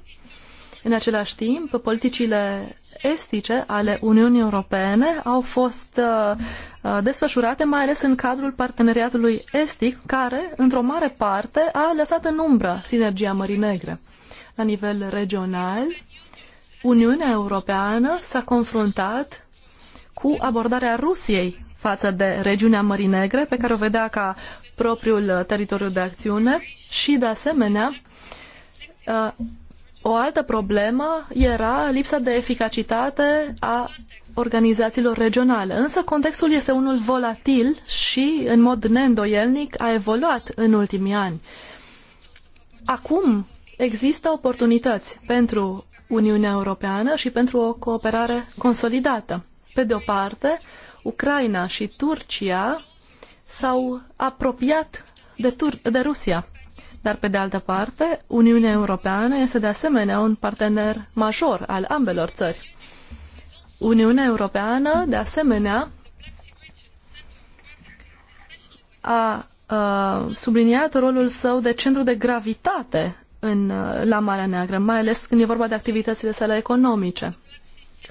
În același timp, politicile estice ale Uniunii Europene au fost uh, uh, desfășurate mai ales în cadrul parteneriatului estic, care, într-o mare parte, a lăsat în umbră sinergia Mării Negre la nivel regional, Uniunea Europeană s-a confruntat cu abordarea Rusiei față de regiunea Mării Negre, pe care o vedea ca propriul teritoriu de acțiune și, de asemenea, uh, o altă problemă era lipsa de eficacitate a organizațiilor regionale. Însă contextul este unul volatil și, în mod neîndoielnic, a evoluat în ultimii ani. Acum există oportunități pentru Uniunea Europeană și pentru o cooperare consolidată. Pe de o parte, Ucraina și Turcia s-au apropiat de, Tur- de Rusia, dar pe de altă parte, Uniunea Europeană este de asemenea un partener major al ambelor țări. Uniunea Europeană, de asemenea, a, a subliniat rolul său de centru de gravitate în, uh, la Marea Neagră, mai ales când e vorba de activitățile sale economice.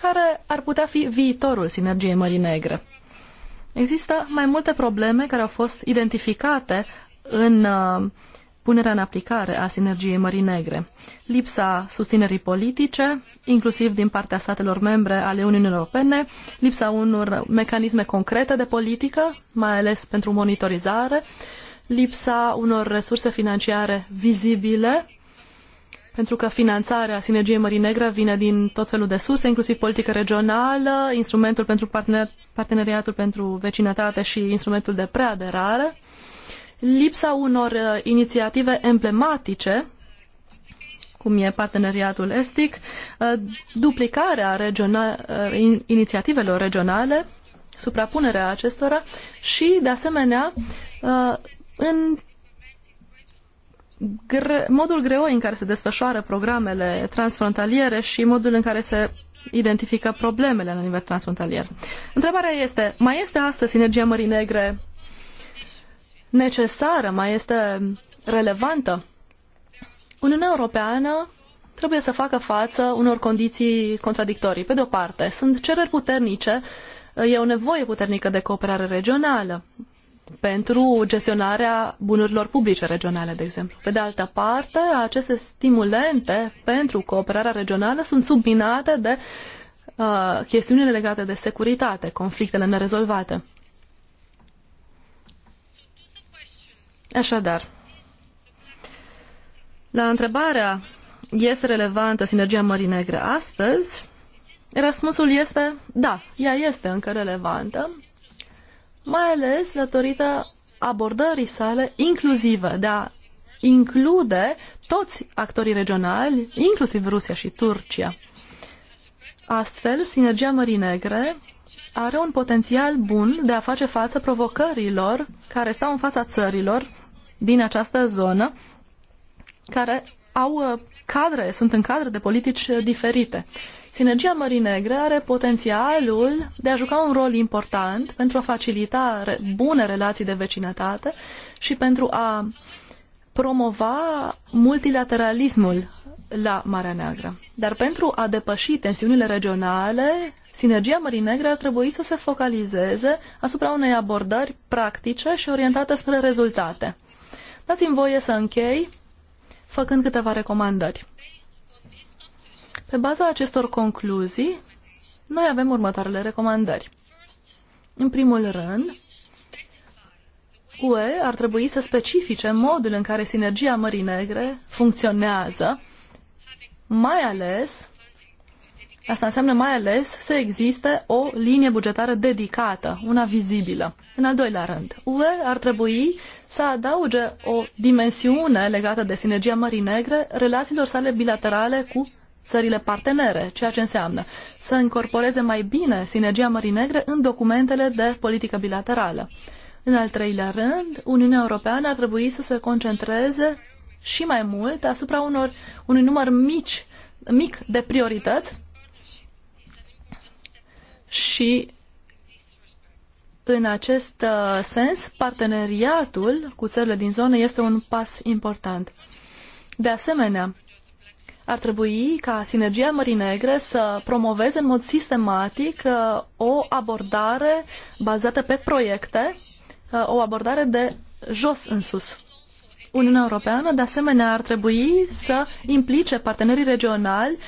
Care ar putea fi viitorul sinergiei Mării Negre? Există mai multe probleme care au fost identificate în uh, punerea în aplicare a sinergiei Mării Negre, lipsa susținerii politice, inclusiv din partea statelor membre ale Uniunii Europene, lipsa unor mecanisme concrete de politică, mai ales pentru monitorizare, lipsa unor resurse financiare vizibile pentru că finanțarea Sinergiei Mării Negre vine din tot felul de surse, inclusiv politică regională, instrumentul pentru partener, parteneriatul pentru vecinătate și instrumentul de preaderare, lipsa unor uh, inițiative emblematice, cum e parteneriatul estic, uh, duplicarea regional, uh, inițiativelor regionale, suprapunerea acestora și, de asemenea, uh, în gre, modul greoi în care se desfășoară programele transfrontaliere și modul în care se identifică problemele la nivel transfrontalier. Întrebarea este, mai este astăzi sinergia Mării Negre necesară, mai este relevantă? Uniunea Europeană trebuie să facă față unor condiții contradictorii. Pe de o parte, sunt cereri puternice, e o nevoie puternică de cooperare regională pentru gestionarea bunurilor publice regionale, de exemplu. Pe de altă parte, aceste stimulente pentru cooperarea regională sunt subminate de uh, chestiunile legate de securitate, conflictele nerezolvate. Așadar, la întrebarea este relevantă sinergia Mării Negre astăzi, răspunsul este da, ea este încă relevantă, mai ales datorită abordării sale inclusive, de a include toți actorii regionali, inclusiv Rusia și Turcia. Astfel, sinergia Mării Negre are un potențial bun de a face față provocărilor care stau în fața țărilor din această zonă care au uh, cadre, sunt în cadre de politici uh, diferite. Sinergia Mării Negre are potențialul de a juca un rol important pentru a facilita re bune relații de vecinătate și pentru a promova multilateralismul la Marea Neagră. Dar pentru a depăși tensiunile regionale, sinergia Mării Negre ar trebui să se focalizeze asupra unei abordări practice și orientate spre rezultate. Dați-mi voie să închei făcând câteva recomandări. Pe baza acestor concluzii, noi avem următoarele recomandări. În primul rând, UE ar trebui să specifice modul în care sinergia Mării Negre funcționează, mai ales Asta înseamnă mai ales să existe o linie bugetară dedicată, una vizibilă. În al doilea rând, UE ar trebui să adauge o dimensiune legată de sinergia Mării Negre relațiilor sale bilaterale cu țările partenere, ceea ce înseamnă să incorporeze mai bine sinergia Mării Negre în documentele de politică bilaterală. În al treilea rând, Uniunea Europeană ar trebui să se concentreze și mai mult asupra unor, unui număr mici, mic de priorități și în acest uh, sens, parteneriatul cu țările din zonă este un pas important. De asemenea, ar trebui ca sinergia Mării Negre să promoveze în mod sistematic uh, o abordare bazată pe proiecte, uh, o abordare de jos în sus. Uniunea Europeană, de asemenea, ar trebui să implice partenerii regionali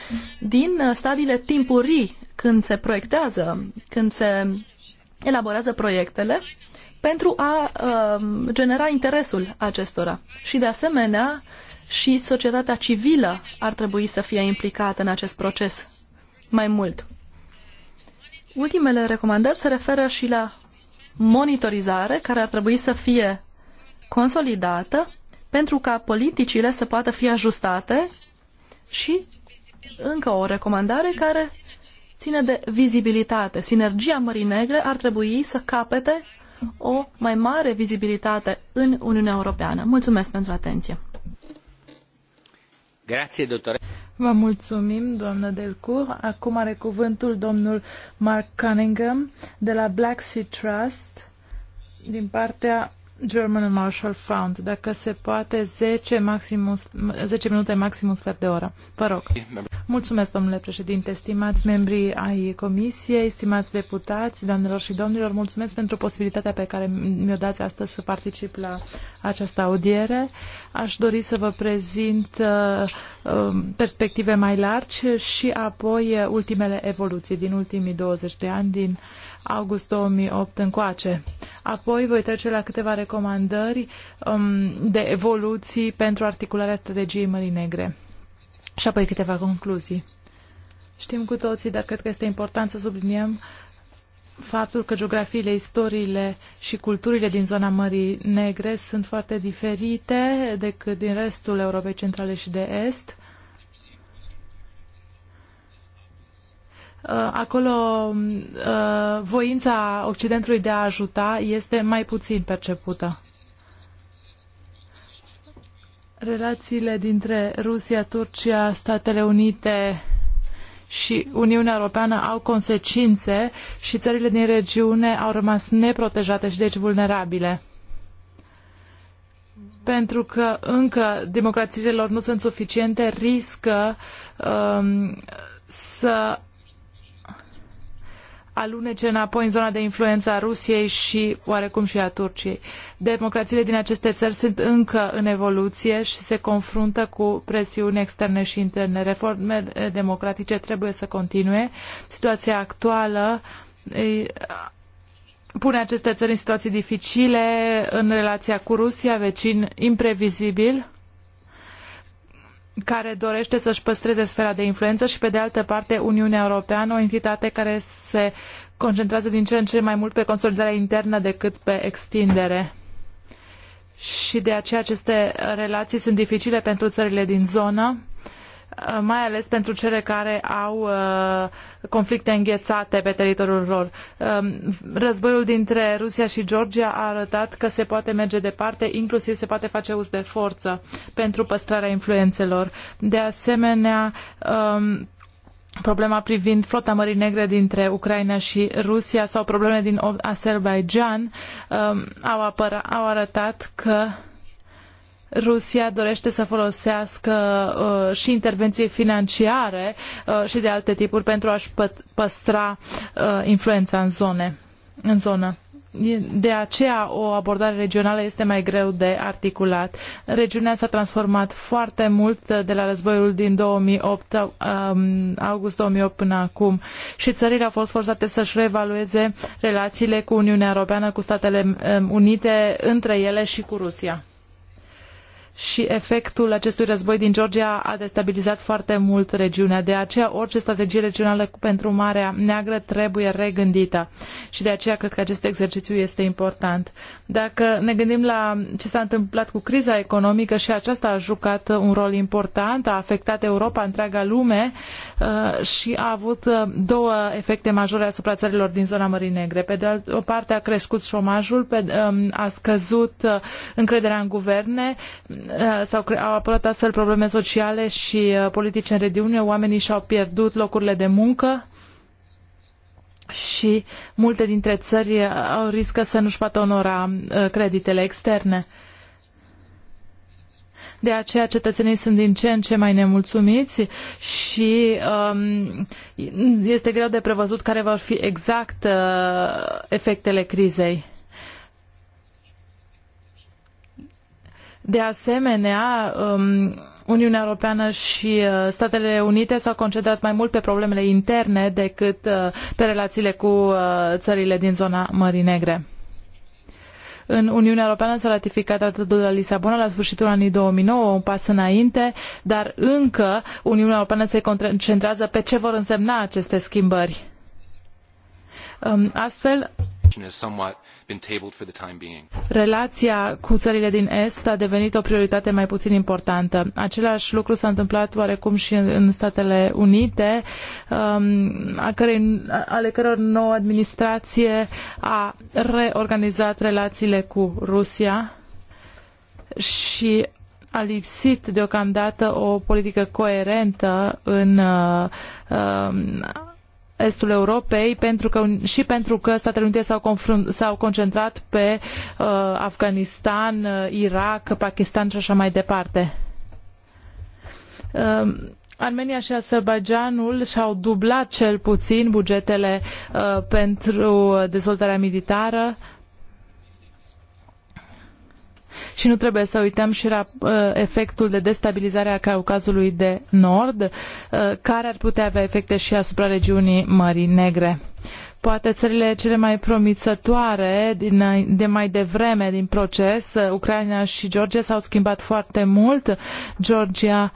din uh, stadiile timpurii când se proiectează, când se elaborează proiectele, pentru a uh, genera interesul acestora. Și, de asemenea, și societatea civilă ar trebui să fie implicată în acest proces mai mult. Ultimele recomandări se referă și la monitorizare, care ar trebui să fie consolidată pentru ca politicile să poată fi ajustate și încă o recomandare care ține de vizibilitate. Sinergia Mării Negre ar trebui să capete o mai mare vizibilitate în Uniunea Europeană. Mulțumesc pentru atenție. Grazie, Vă mulțumim, doamnă Delcourt. Acum are cuvântul domnul Mark Cunningham de la Black Sea Trust din partea German Marshall Fund, dacă se poate 10, maximum, 10 minute maximum sfert de oră. Vă rog. Mulțumesc, domnule președinte, stimați membrii ai comisiei, stimați deputați, doamnelor și domnilor, mulțumesc pentru posibilitatea pe care mi-o dați astăzi să particip la această audiere. Aș dori să vă prezint uh, um, perspective mai largi și apoi uh, ultimele evoluții din ultimii 20 de ani din august 2008 încoace. Apoi voi trece la câteva recomandări um, de evoluții pentru articularea strategiei Mării Negre și apoi câteva concluzii. Știm cu toții, dar cred că este important să subliniem faptul că geografiile, istoriile și culturile din zona Mării Negre sunt foarte diferite decât din restul Europei Centrale și de Est Uh, acolo uh, voința Occidentului de a ajuta este mai puțin percepută. Relațiile dintre Rusia, Turcia, Statele Unite și Uniunea Europeană au consecințe și țările din regiune au rămas neprotejate și deci vulnerabile pentru că încă democrațiile lor nu sunt suficiente, riscă um, să alunece înapoi în zona de influență a Rusiei și oarecum și a Turciei. Democrațiile din aceste țări sunt încă în evoluție și se confruntă cu presiuni externe și interne. Reformele democratice trebuie să continue. Situația actuală pune aceste țări în situații dificile în relația cu Rusia, vecin imprevizibil care dorește să-și păstreze sfera de influență și, pe de altă parte, Uniunea Europeană, o entitate care se concentrează din ce în ce mai mult pe consolidarea internă decât pe extindere. Și de aceea aceste relații sunt dificile pentru țările din zonă. Uh, Uh, mai ales pentru cele care au uh, conflicte înghețate pe teritoriul lor. Um, războiul dintre Rusia și Georgia a arătat că se poate merge departe, inclusiv se poate face uz de forță pentru păstrarea influențelor. De asemenea, um, problema privind flota Mării Negre dintre Ucraina și Rusia sau probleme din Azerbaijan um, au, apăra, au arătat că Rusia dorește să folosească uh, și intervenții financiare uh, și de alte tipuri pentru a-și păstra uh, influența în, zone, în zonă. De aceea o abordare regională este mai greu de articulat. Regiunea s-a transformat foarte mult uh, de la războiul din 2008, uh, um, august 2008 până acum și țările au fost forțate să-și reevalueze relațiile cu Uniunea Europeană, cu Statele um, Unite, între ele și cu Rusia și efectul acestui război din Georgia a destabilizat foarte mult regiunea. De aceea, orice strategie regională pentru Marea Neagră trebuie regândită și de aceea cred că acest exercițiu este important. Dacă ne gândim la ce s-a întâmplat cu criza economică și aceasta a jucat un rol important, a afectat Europa, întreaga lume uh, și a avut uh, două efecte majore asupra țărilor din zona Mării Negre. Pe de o parte a crescut șomajul, um, a scăzut uh, încrederea în guverne, Uh, s-au au apărut astfel probleme sociale și uh, politice în regiune, oamenii și-au pierdut locurile de muncă și multe dintre țări uh, au riscă să nu-și poată onora creditele externe. De aceea cetățenii sunt din ce în ce mai nemulțumiți și um, este greu de prevăzut care vor fi exact uh, efectele crizei. De asemenea, um, Uniunea Europeană și uh, Statele Unite s-au concentrat mai mult pe problemele interne decât uh, pe relațiile cu uh, țările din zona Mării Negre. În Uniunea Europeană s-a ratificat tratatul de la Lisabona la sfârșitul anului 2009, un pas înainte, dar încă Uniunea Europeană se concentrează pe ce vor însemna aceste schimbări. Um, astfel, question has somewhat been tabled for the time being. Relația cu țările din Est a devenit o prioritate mai puțin importantă. Același lucru s-a întâmplat oarecum și în Statele Unite, um, a cărei, ale căror nouă administrație a reorganizat relațiile cu Rusia și a lipsit deocamdată o politică coerentă în uh, uh, estul Europei pentru că, și pentru că Statele Unite s-au, concentrat pe uh, Afganistan, uh, Irak, Pakistan și așa mai departe. Um, Armenia și Azerbaijanul și-au dublat cel puțin bugetele uh, pentru dezvoltarea militară. Uh, și nu trebuie să uităm și uh, efectul de destabilizare a Caucazului de Nord, uh, care ar putea avea efecte și asupra regiunii Mării Negre poate țările cele mai promițătoare din, de mai devreme din proces, uh, Ucraina și Georgia, s-au schimbat foarte mult. Georgia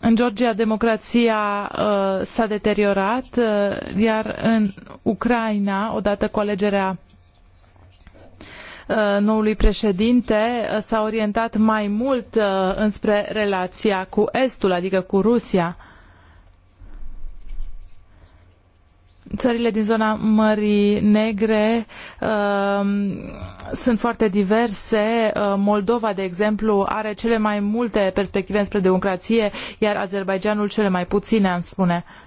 în Georgia democrația uh, s-a deteriorat, uh, iar în Ucraina, odată cu alegerea Uh, noului președinte uh, s-a orientat mai mult uh, înspre relația cu Estul, adică cu Rusia. Țările din zona Mării Negre uh, sunt foarte diverse. Moldova, de exemplu, are cele mai multe perspective înspre democrație, iar Azerbaijanul cele mai puține, am spune. Uh,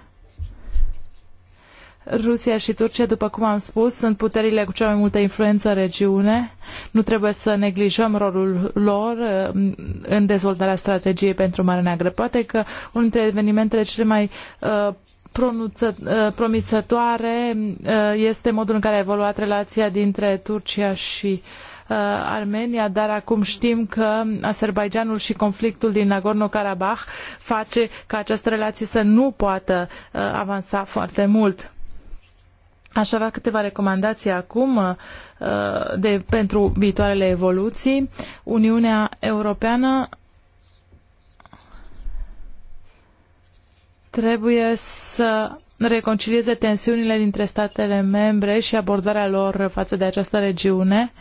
Rusia și Turcia, după cum am spus, sunt puterile cu cea mai multă influență în regiune. Nu trebuie să neglijăm rolul lor uh, în dezvoltarea strategiei pentru Marea Neagră. Poate că unul dintre evenimentele cele mai uh, uh promițătoare uh, este modul în care a evoluat relația dintre Turcia și uh, Armenia, dar acum știm că Azerbaijanul și conflictul din Nagorno-Karabakh face ca această relație să nu poată avansa foarte mult. Aș avea câteva recomandații acum uh, de, pentru viitoarele evoluții. Uniunea Europeană trebuie să reconcilieze tensiunile dintre statele membre și abordarea lor față de această regiune. Uh,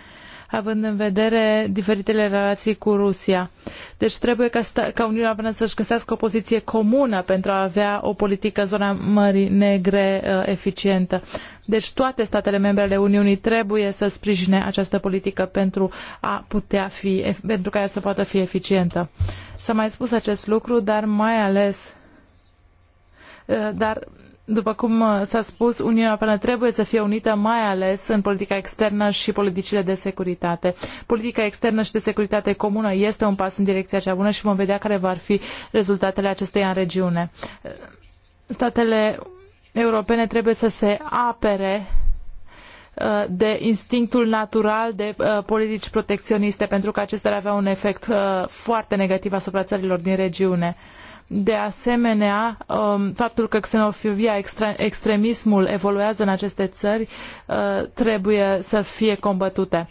având în vedere diferitele relații cu Rusia. Deci trebuie ca, sta- ca Uniunea Europeană să-și găsească o poziție comună pentru a avea o politică zona Mării Negre uh, eficientă. Deci toate statele membre ale Uniunii trebuie să sprijine această politică pentru, a putea fi, pentru ca ea să poată fi eficientă. S-a mai spus acest lucru, dar mai ales uh, dar după cum uh, s-a spus, Uniunea Europeană trebuie să fie unită mai ales în politica externă și politicile de securitate. Politica externă și de securitate comună este un pas în direcția cea bună și vom vedea care vor fi rezultatele acesteia în regiune. Uh, statele europene trebuie să se apere uh, de instinctul natural de politici protecționiste, pentru că acestea ar avea un efect foarte negativ asupra țărilor din regiune. De asemenea, um, faptul că xenofobia, extremismul evoluează în aceste țări uh, trebuie să fie combătute.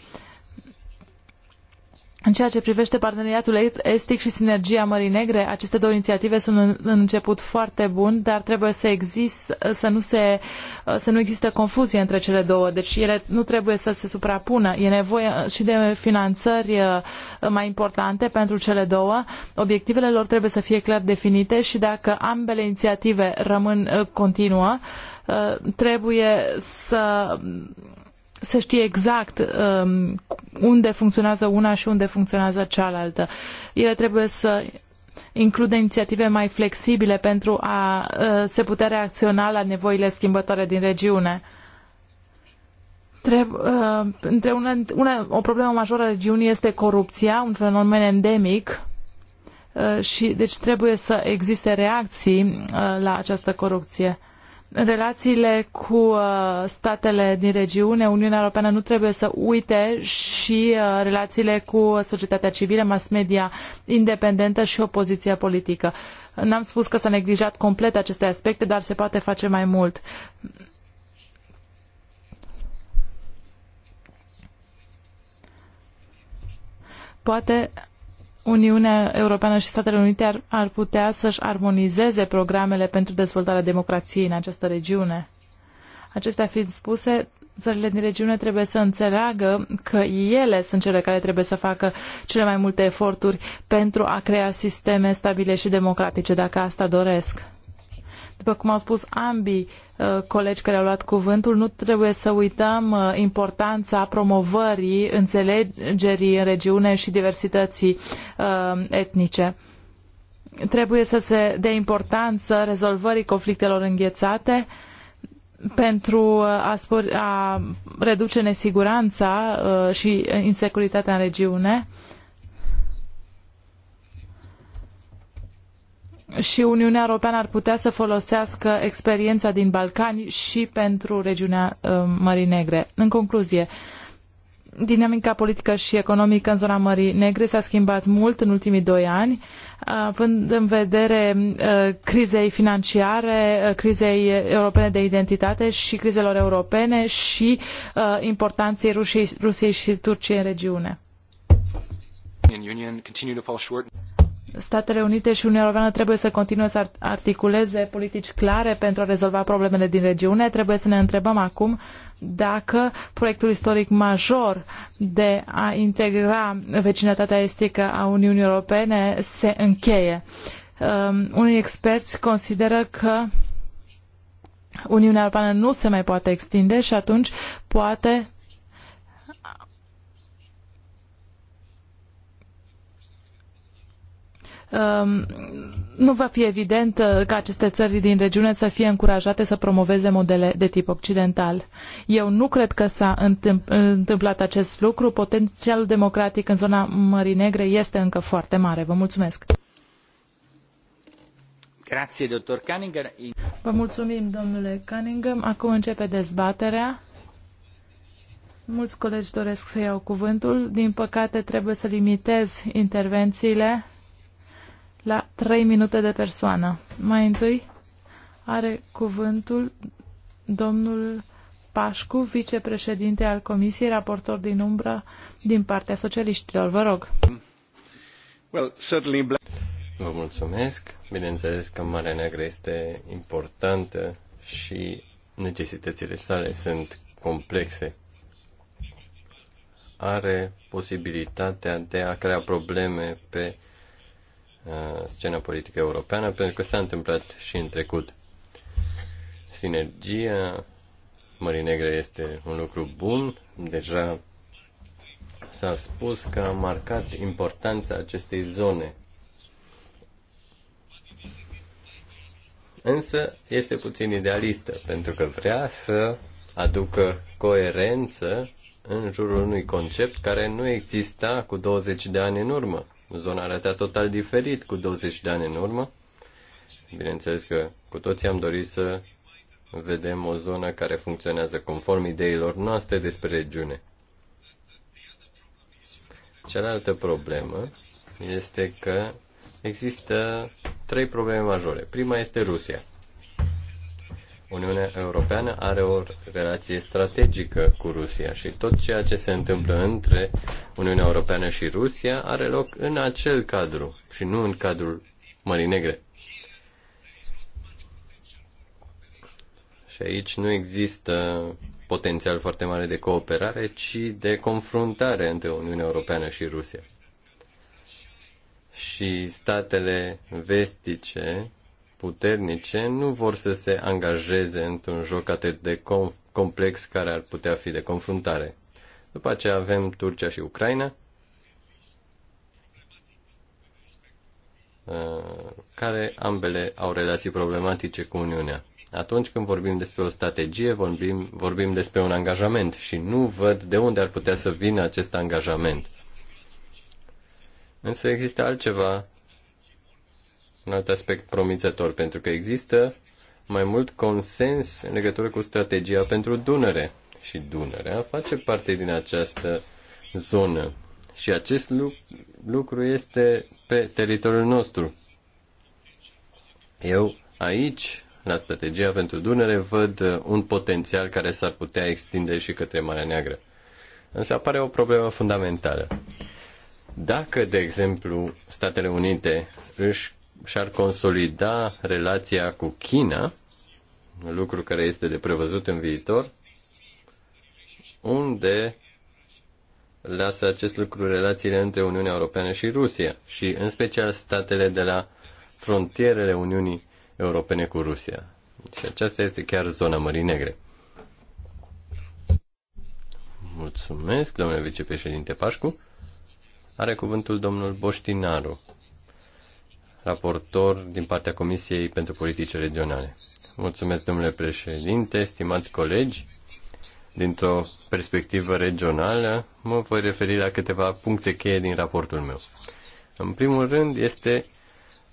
În ceea ce privește parteneriatul estic și sinergia Mării Negre, aceste două inițiative sunt un început foarte bun, dar trebuie să, exist, să, nu se, să nu există confuzie între cele două. Deci ele nu trebuie să se suprapună. E nevoie și de finanțări uh, mai importante pentru cele două. Obiectivele lor trebuie să fie clar definite și dacă ambele inițiative rămân uh, continuă, uh, trebuie să să știe exact um, unde funcționează una și unde funcționează cealaltă. Ele trebuie să includă inițiative mai flexibile pentru a uh, se putea reacționa la nevoile schimbătoare din regiune. Trebuie, uh, între una, una, o problemă majoră a regiunii este corupția, un fenomen endemic uh, și deci trebuie să existe reacții uh, la această corupție. În relațiile cu uh, statele din regiune, Uniunea Europeană nu trebuie să uite și uh, relațiile cu societatea civilă, mass media independentă și opoziția politică. N-am spus că s-a neglijat complet aceste aspecte, dar se poate face mai mult. Poate Uniunea Europeană și Statele Unite ar, ar putea să-și armonizeze programele pentru dezvoltarea democrației în această regiune. Acestea fiind spuse, țările din regiune trebuie să înțeleagă că ele sunt cele care trebuie să facă cele mai multe eforturi pentru a crea sisteme stabile și democratice, dacă asta doresc. După cum au spus ambii uh, colegi care au luat cuvântul, nu trebuie să uităm uh, importanța promovării înțelegerii în regiune și diversității uh, etnice trebuie să se dea importanță rezolvării conflictelor înghețate pentru a, spor, a reduce nesiguranța și insecuritatea în regiune. Uh, și Uniunea Europeană ar putea să folosească experiența din Balcani și pentru regiunea uh, Mării Negre. În concluzie, dinamica politică și economică în zona Mării Negre s-a schimbat mult în ultimii doi ani, având în vedere uh, crizei financiare, uh, crizei europene de identitate și crizelor europene și importanței Rusiei, Rusiei și Turciei în regiune. Statele Unite și Uniunea Europeană trebuie să continue să articuleze politici clare pentru a rezolva problemele din regiune. Trebuie să ne întrebăm acum dacă proiectul istoric major de a integra vecinătatea estică a Uniunii Europene se încheie. Um, unii experți consideră că Uniunea Europeană nu se mai poate extinde și atunci poate Um, nu va fi evident uh, ca aceste țări din regiune să fie încurajate să promoveze modele de tip occidental. Eu nu cred că s-a întâmplat acest lucru. Potențialul democratic în zona Mării Negre este încă foarte mare. Vă mulțumesc! Grazie, dottor Cunningham. Vă mulțumim, domnule Cunningham. Acum începe dezbaterea. Mulți colegi doresc să iau cuvântul. Din păcate, trebuie să limitez intervențiile la 3 minute de persoană. Mai întâi are cuvântul domnul Pașcu, vicepreședinte al Comisiei, raportor din umbră din partea socialiștilor. Vă rog. Well, certainly... Vă mulțumesc. Bineînțeles că Marea Neagră este importantă și necesitățile sale sunt complexe. Are posibilitatea de a crea probleme pe Uh, scena politică europeană, pentru că s-a întâmplat și în trecut. Sinergia Mării Negre este un lucru bun, deja s-a spus că a marcat importanța acestei zone. Însă este puțin idealistă, pentru că vrea să aducă coerență în jurul unui concept care nu exista cu 20 de ani în urmă. Zona arăta total diferit cu 20 de ani în urmă. Bineînțeles că cu toții am dorit să vedem o zonă care funcționează conform ideilor noastre despre regiune. Cealaltă problemă este că există trei probleme majore. Prima este Rusia. Uniunea Europeană are o relație strategică cu Rusia și tot ceea ce se întâmplă între Uniunea Europeană și Rusia are loc în acel cadru și nu în cadrul Mării Negre. Și aici nu există potențial foarte mare de cooperare, ci de confruntare între Uniunea Europeană și Rusia. Și statele vestice puternice nu vor să se angajeze într-un joc atât de complex care ar putea fi de confruntare. După aceea avem Turcia și Ucraina, uh, care ambele au relații problematice cu Uniunea. Atunci când vorbim despre o strategie, vorbim, vorbim despre un angajament și nu văd de unde ar putea să vină acest angajament. Însă există altceva un alt aspect promițător, pentru că există mai mult consens în legătură cu strategia pentru Dunăre. Și Dunărea face parte din această zonă. Și acest lucru este pe teritoriul nostru. Eu aici, la strategia pentru Dunăre, văd uh, un potențial care s-ar putea extinde și către Marea Neagră. Însă apare o problemă fundamentală. Dacă, de exemplu, Statele Unite își și-ar consolida relația cu China, lucru care este de prevăzut în viitor, unde lasă acest lucru relațiile între Uniunea Europeană și Rusia și în special statele de la frontierele Uniunii Europene cu Rusia. Și aceasta este chiar zona Mării Negre. Mulțumesc, domnule vicepreședinte Pașcu. Are cuvântul domnul Boștinaru raportor din partea Comisiei pentru Politici Regionale. Mulțumesc, domnule președinte, stimați colegi. Dintr-o perspectivă regională, mă voi referi la câteva puncte cheie din raportul meu. În primul rând, este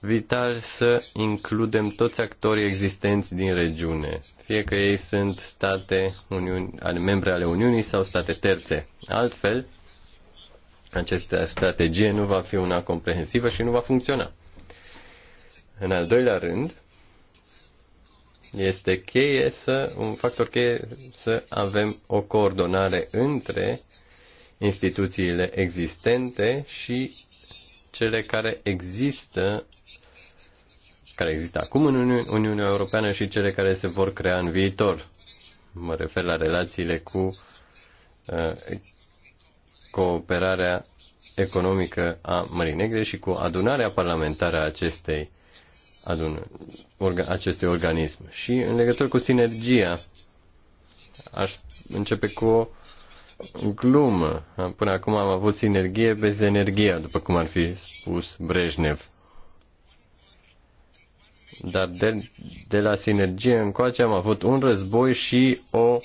vital să includem toți actorii existenți din regiune, fie că ei sunt state Uniuni, ale membre ale Uniunii sau state terțe. Altfel, această strategie nu va fi una comprehensivă și nu va funcționa. În al doilea rând, este cheie să, un factor cheie să avem o coordonare între instituțiile existente și cele care există care există acum în Uni- Uniunea Europeană și cele care se vor crea în viitor. Mă refer la relațiile cu uh, cooperarea economică a Mării Negre și cu adunarea parlamentară a acestei adun, orga, acestui organism. Și în legătură cu sinergia, aș începe cu o glumă. Până acum am avut sinergie pe energia, după cum ar fi spus Brejnev. Dar de, de la sinergie încoace am avut un război și o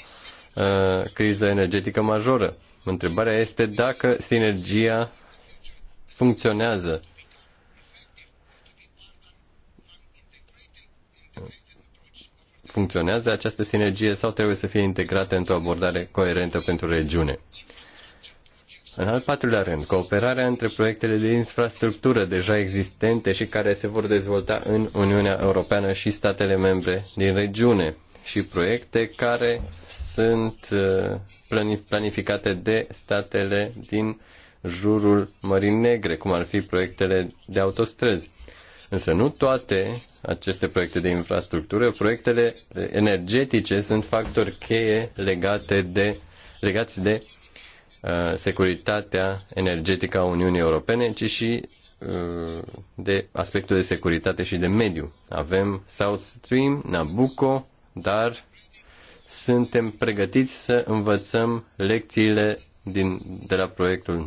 uh, criză energetică majoră. Întrebarea este dacă sinergia funcționează funcționează această sinergie sau trebuie să fie integrate într-o abordare coerentă pentru regiune. În al patrulea rând, cooperarea între proiectele de infrastructură deja existente și care se vor dezvolta în Uniunea Europeană și statele membre din regiune și proiecte care sunt uh, planificate de statele din jurul Mării Negre, cum ar fi proiectele de autostrăzi. Însă nu toate aceste proiecte de infrastructură, proiectele energetice sunt factori cheie legate de, legați de uh, securitatea energetică a Uniunii Europene, ci și uh, de aspectul de securitate și de mediu. Avem South Stream, Nabucco, dar suntem pregătiți să învățăm lecțiile din, de la proiectul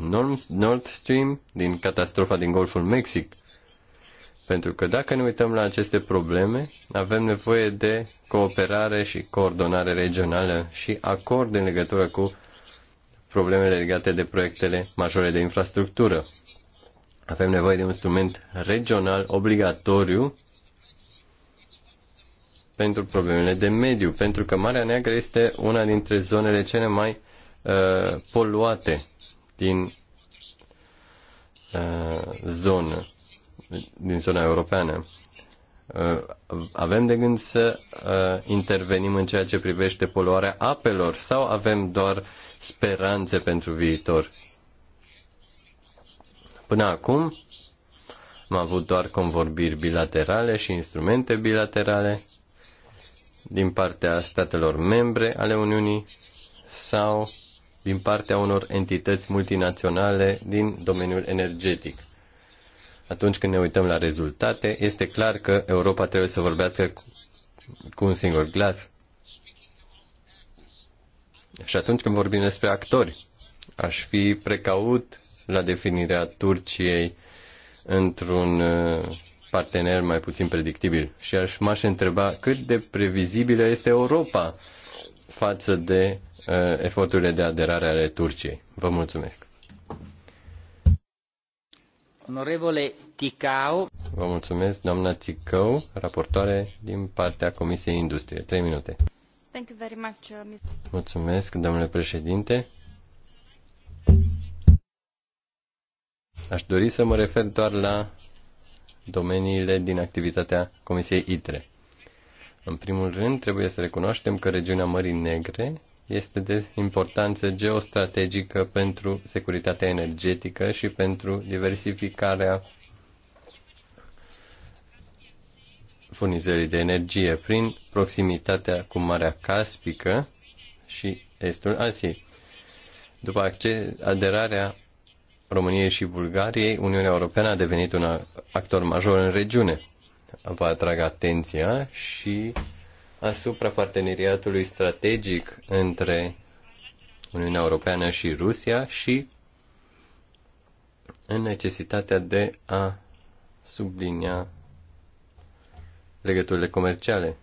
Nord Stream, din catastrofa din Golful Mexic. Pentru că dacă ne uităm la aceste probleme, avem nevoie de cooperare și coordonare regională și acord în legătură cu problemele legate de proiectele majore de infrastructură. Avem nevoie de un instrument regional obligatoriu pentru problemele de mediu, pentru că Marea Neagră este una dintre zonele cele mai uh, poluate din uh, zonă din zona europeană. Uh, avem de gând să uh, intervenim în ceea ce privește poluarea apelor sau avem doar speranțe pentru viitor? Până acum am avut doar convorbiri bilaterale și instrumente bilaterale din partea statelor membre ale Uniunii sau din partea unor entități multinaționale din domeniul energetic atunci când ne uităm la rezultate, este clar că Europa trebuie să vorbească cu un singur glas. Și atunci când vorbim despre actori, aș fi precaut la definirea Turciei într-un uh, partener mai puțin predictibil. Și aș m-aș întreba cât de previzibilă este Europa față de uh, eforturile de aderare ale Turciei. Vă mulțumesc. Onorevole Ticau. Vă mulțumesc, doamna Ticau, raportoare din partea Comisiei Industrie. Trei minute. Thank you very much, uh, Mulțumesc, domnule președinte. Aș dori să mă refer doar la domeniile din activitatea Comisiei ITRE. În primul rând, trebuie să recunoaștem că regiunea Mării Negre este de importanță geostrategică pentru securitatea energetică și pentru diversificarea furnizării de energie prin proximitatea cu Marea Caspică și Estul Asiei. După aderarea României și Bulgariei, Uniunea Europeană a devenit un actor major în regiune. Vă atrag atenția și asupra parteneriatului strategic între Uniunea Europeană și Rusia și în necesitatea de a sublinia legăturile comerciale.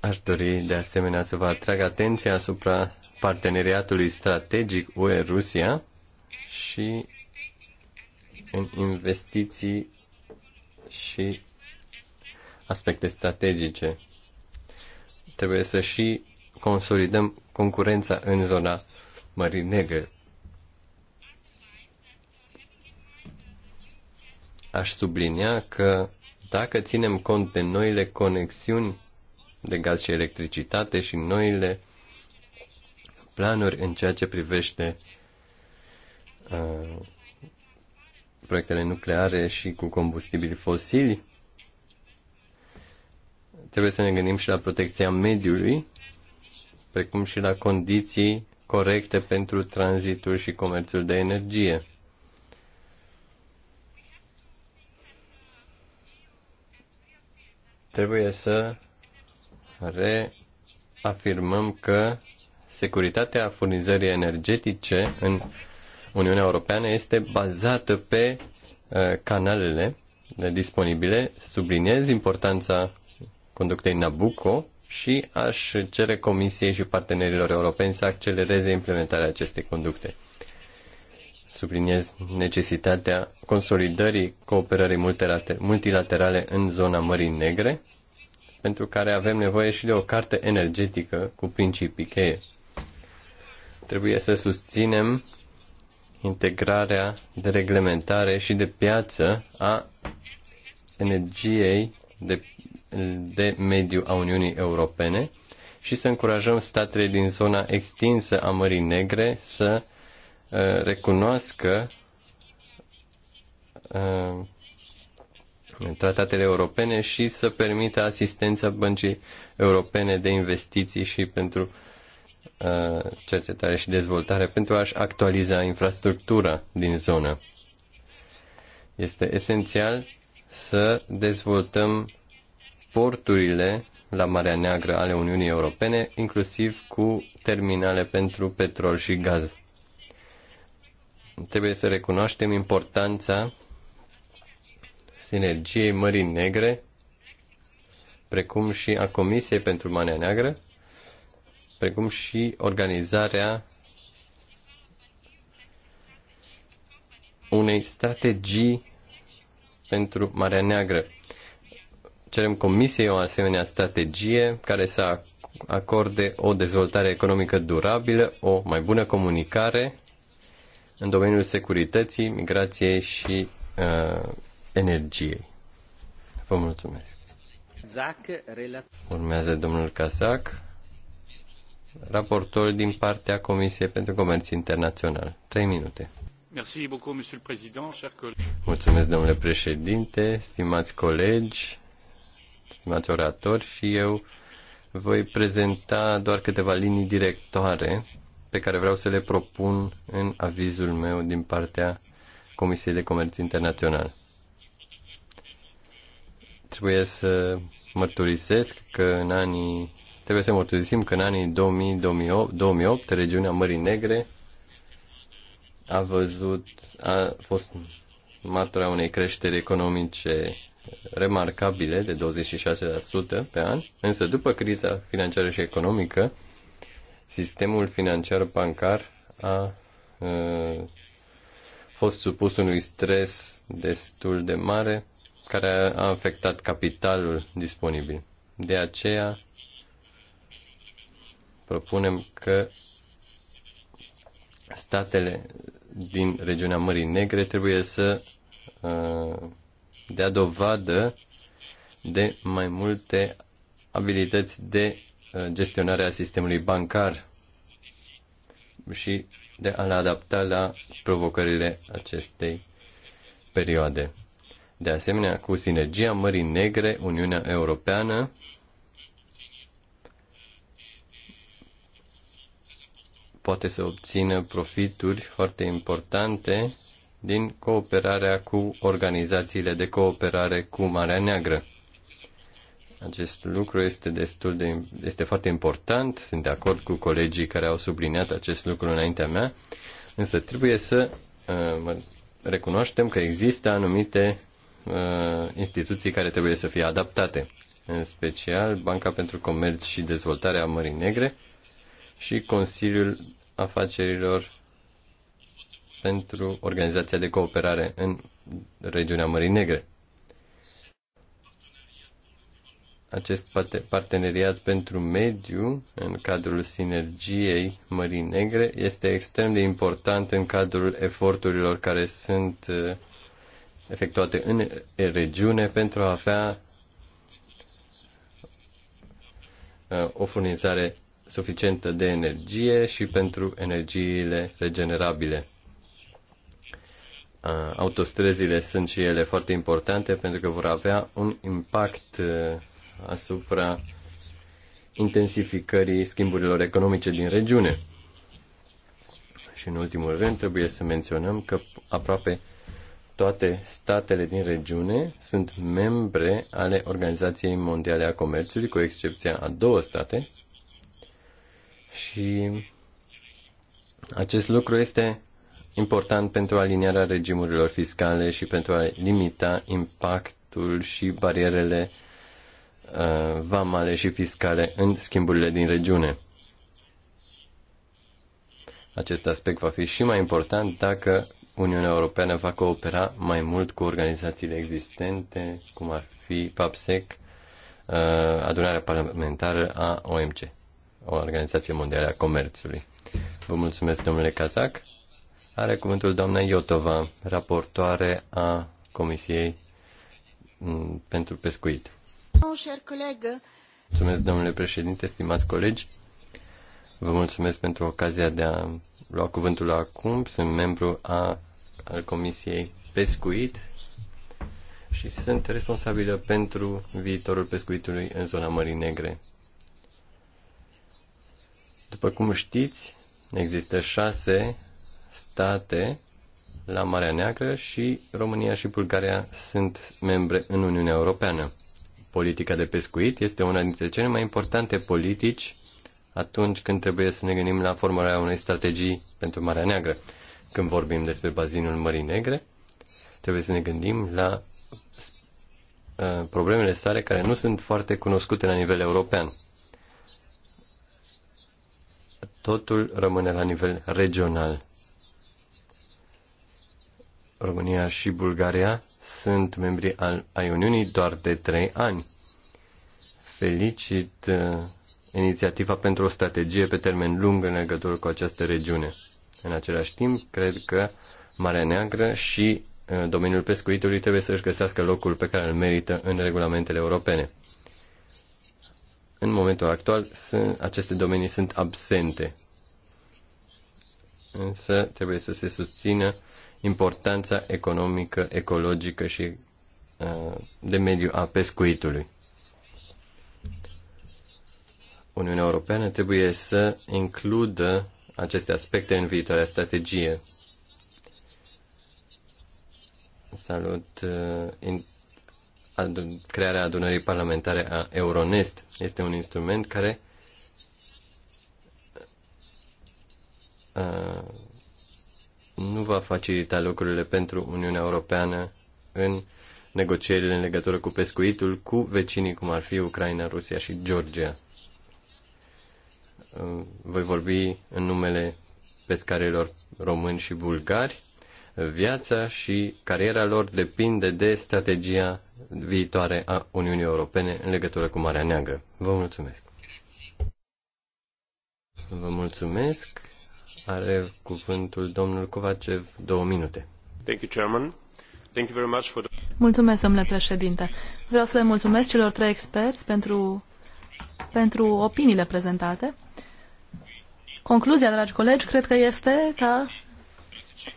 Aș dori de asemenea să vă atrag atenția asupra parteneriatului strategic UE-Rusia și în investiții și aspecte strategice. Trebuie să și consolidăm concurența în zona Mării Negre. Aș sublinia că dacă ținem cont de noile conexiuni de gaz și electricitate și noile planuri în ceea ce privește uh, proiectele nucleare și cu combustibili fosili, Trebuie să ne gândim și la protecția mediului, precum și la condiții corecte pentru tranzitul și comerțul de energie. Trebuie să reafirmăm că securitatea furnizării energetice în Uniunea Europeană este bazată pe uh, canalele disponibile. Subliniez importanța conductei Nabucco și aș cere Comisiei și partenerilor europeni să accelereze implementarea acestei conducte. Subliniez necesitatea consolidării cooperării multilaterale în zona Mării Negre, pentru care avem nevoie și de o carte energetică cu principii cheie. Trebuie să susținem integrarea de reglementare și de piață a energiei de de mediu a Uniunii Europene și să încurajăm statele din zona extinsă a Mării Negre să uh, recunoască uh, tratatele europene și să permită asistența Băncii Europene de Investiții și pentru uh, cercetare și dezvoltare pentru a-și actualiza infrastructura din zonă. Este esențial să dezvoltăm porturile la Marea Neagră ale Uniunii Europene, inclusiv cu terminale pentru petrol și gaz. Trebuie să recunoaștem importanța sinergiei Mării Negre, precum și a Comisiei pentru Marea Neagră, precum și organizarea unei strategii pentru Marea Neagră cerem Comisiei o asemenea strategie care să acorde o dezvoltare economică durabilă, o mai bună comunicare în domeniul securității, migrației și uh, energiei. Vă mulțumesc. Urmează domnul Casac, raportor din partea Comisiei pentru Comerț Internațional. Trei minute. Mulțumesc, domnule președinte, stimați colegi stimați oratori, și eu voi prezenta doar câteva linii directoare pe care vreau să le propun în avizul meu din partea Comisiei de Comerț Internațional. Trebuie să mărturisesc că în anii trebuie să mărturisim că în anii 2000-2008 regiunea Mării Negre a văzut a fost matura unei creșteri economice remarcabile de 26% pe an, însă după criza financiară și economică, sistemul financiar bancar a uh, fost supus unui stres destul de mare care a afectat capitalul disponibil. De aceea propunem că statele din regiunea Mării Negre trebuie să uh, dea dovadă de mai multe abilități de uh, gestionare a sistemului bancar și de a le adapta la provocările acestei perioade. De asemenea, cu sinergia Mării Negre, Uniunea Europeană poate să obțină profituri foarte importante din cooperarea cu organizațiile de cooperare cu Marea Neagră. Acest lucru este destul de, este foarte important, sunt de acord cu colegii care au subliniat acest lucru înaintea mea, însă trebuie să uh, recunoaștem că există anumite uh, instituții care trebuie să fie adaptate, în special Banca pentru Comerț și Dezvoltare a Mării Negre și Consiliul Afacerilor pentru Organizația de Cooperare în regiunea Mării Negre. Acest parteneriat pentru mediu în cadrul sinergiei Mării Negre este extrem de important în cadrul eforturilor care sunt uh, efectuate în regiune pentru a avea uh, o furnizare suficientă de energie și pentru energiile regenerabile autostrăzile sunt și ele foarte importante pentru că vor avea un impact asupra intensificării schimburilor economice din regiune. Și în ultimul rând trebuie să menționăm că aproape toate statele din regiune sunt membre ale Organizației Mondiale a Comerțului, cu excepția a două state. Și acest lucru este important pentru alinierea regimurilor fiscale și pentru a limita impactul și barierele uh, vamale și fiscale în schimburile din regiune. Acest aspect va fi și mai important dacă Uniunea Europeană va coopera mai mult cu organizațiile existente, cum ar fi PAPSEC, uh, adunarea parlamentară a OMC, o organizație mondială a comerțului. Vă mulțumesc, domnule Cazac. Are cuvântul doamna Iotova, raportoare a Comisiei pentru Pescuit. Mulțumesc, domnule președinte, stimați colegi. Vă mulțumesc pentru ocazia de a lua cuvântul acum. Sunt membru a, al Comisiei Pescuit și sunt responsabilă pentru viitorul pescuitului în zona Mării Negre. După cum știți, există șase state la Marea Neagră și România și Bulgaria sunt membre în Uniunea Europeană. Politica de pescuit este una dintre cele mai importante politici atunci când trebuie să ne gândim la formularea unei strategii pentru Marea Neagră. Când vorbim despre bazinul Mării Negre, trebuie să ne gândim la uh, problemele sale care nu sunt foarte cunoscute la nivel european. Totul rămâne la nivel regional România și Bulgaria sunt membri al, ai Uniunii doar de trei ani. Felicit uh, inițiativa pentru o strategie pe termen lung în legătură cu această regiune. În același timp, cred că Marea Neagră și uh, domeniul pescuitului trebuie să-și găsească locul pe care îl merită în regulamentele europene. În momentul actual, sunt, aceste domenii sunt absente. Însă trebuie să se susțină uh, importanța economică, ecologică și uh, de mediu a pescuitului. Uniunea Europeană trebuie să includă aceste aspecte în viitoarea strategie. Salut uh, in, crearea adunării parlamentare a Euronest. Este un instrument care uh, nu va facilita lucrurile pentru Uniunea Europeană în negocierile în legătură cu pescuitul cu vecinii cum ar fi Ucraina, Rusia și Georgia. Uh, voi vorbi în numele pescarilor români și bulgari. Viața și cariera lor depinde de strategia viitoare a Uniunii Europene în legătură cu Marea Neagră. Vă mulțumesc! Vă mulțumesc! Are cuvântul domnul Kovacev, două minute. Thank you, Chairman. Thank you very much for the... Mulțumesc, domnule președinte. Vreau să le mulțumesc celor trei experți pentru, pentru opiniile prezentate. Concluzia, dragi colegi, cred că este ca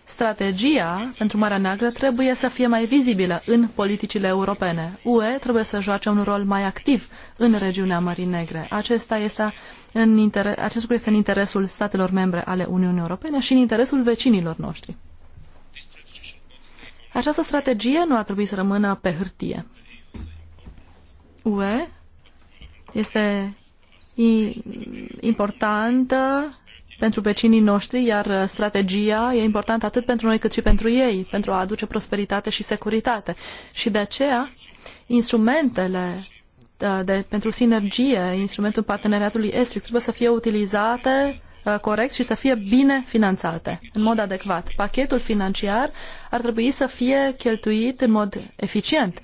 strategia pentru Marea Neagră trebuie să fie mai vizibilă în politicile europene. UE trebuie să joace un rol mai activ în regiunea Mării Negre. Acesta este în inter... Acest lucru este în interesul statelor membre ale Uniunii Europene și în interesul vecinilor noștri. Această strategie nu ar trebui să rămână pe hârtie. UE este importantă pentru vecinii noștri, iar uh, strategia e importantă atât pentru noi cât și pentru ei, pentru a aduce prosperitate și securitate. Și de aceea, instrumentele uh, de, pentru sinergie, instrumentul parteneriatului estic trebuie să fie utilizate uh, corect și să fie bine finanțate, în mod adecvat. Pachetul financiar ar trebui să fie cheltuit în mod eficient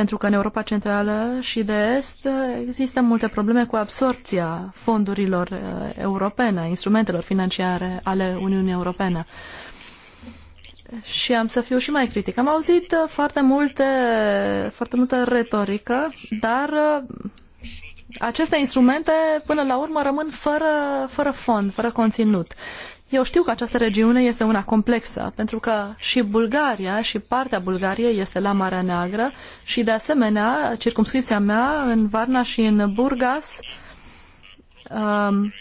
pentru că în Europa Centrală și de Est există multe probleme cu absorpția fondurilor uh, europene, instrumentelor financiare ale Uniunii Europene. Și am să fiu și mai critic. Am auzit uh, foarte, multe, foarte multă retorică, dar uh, aceste instrumente până la urmă rămân fără, fără fond, fără conținut. Eu știu că această regiune este una complexă, pentru că și Bulgaria și partea Bulgariei este la Marea Neagră și, de asemenea, circumscripția mea în Varna și în Burgas um,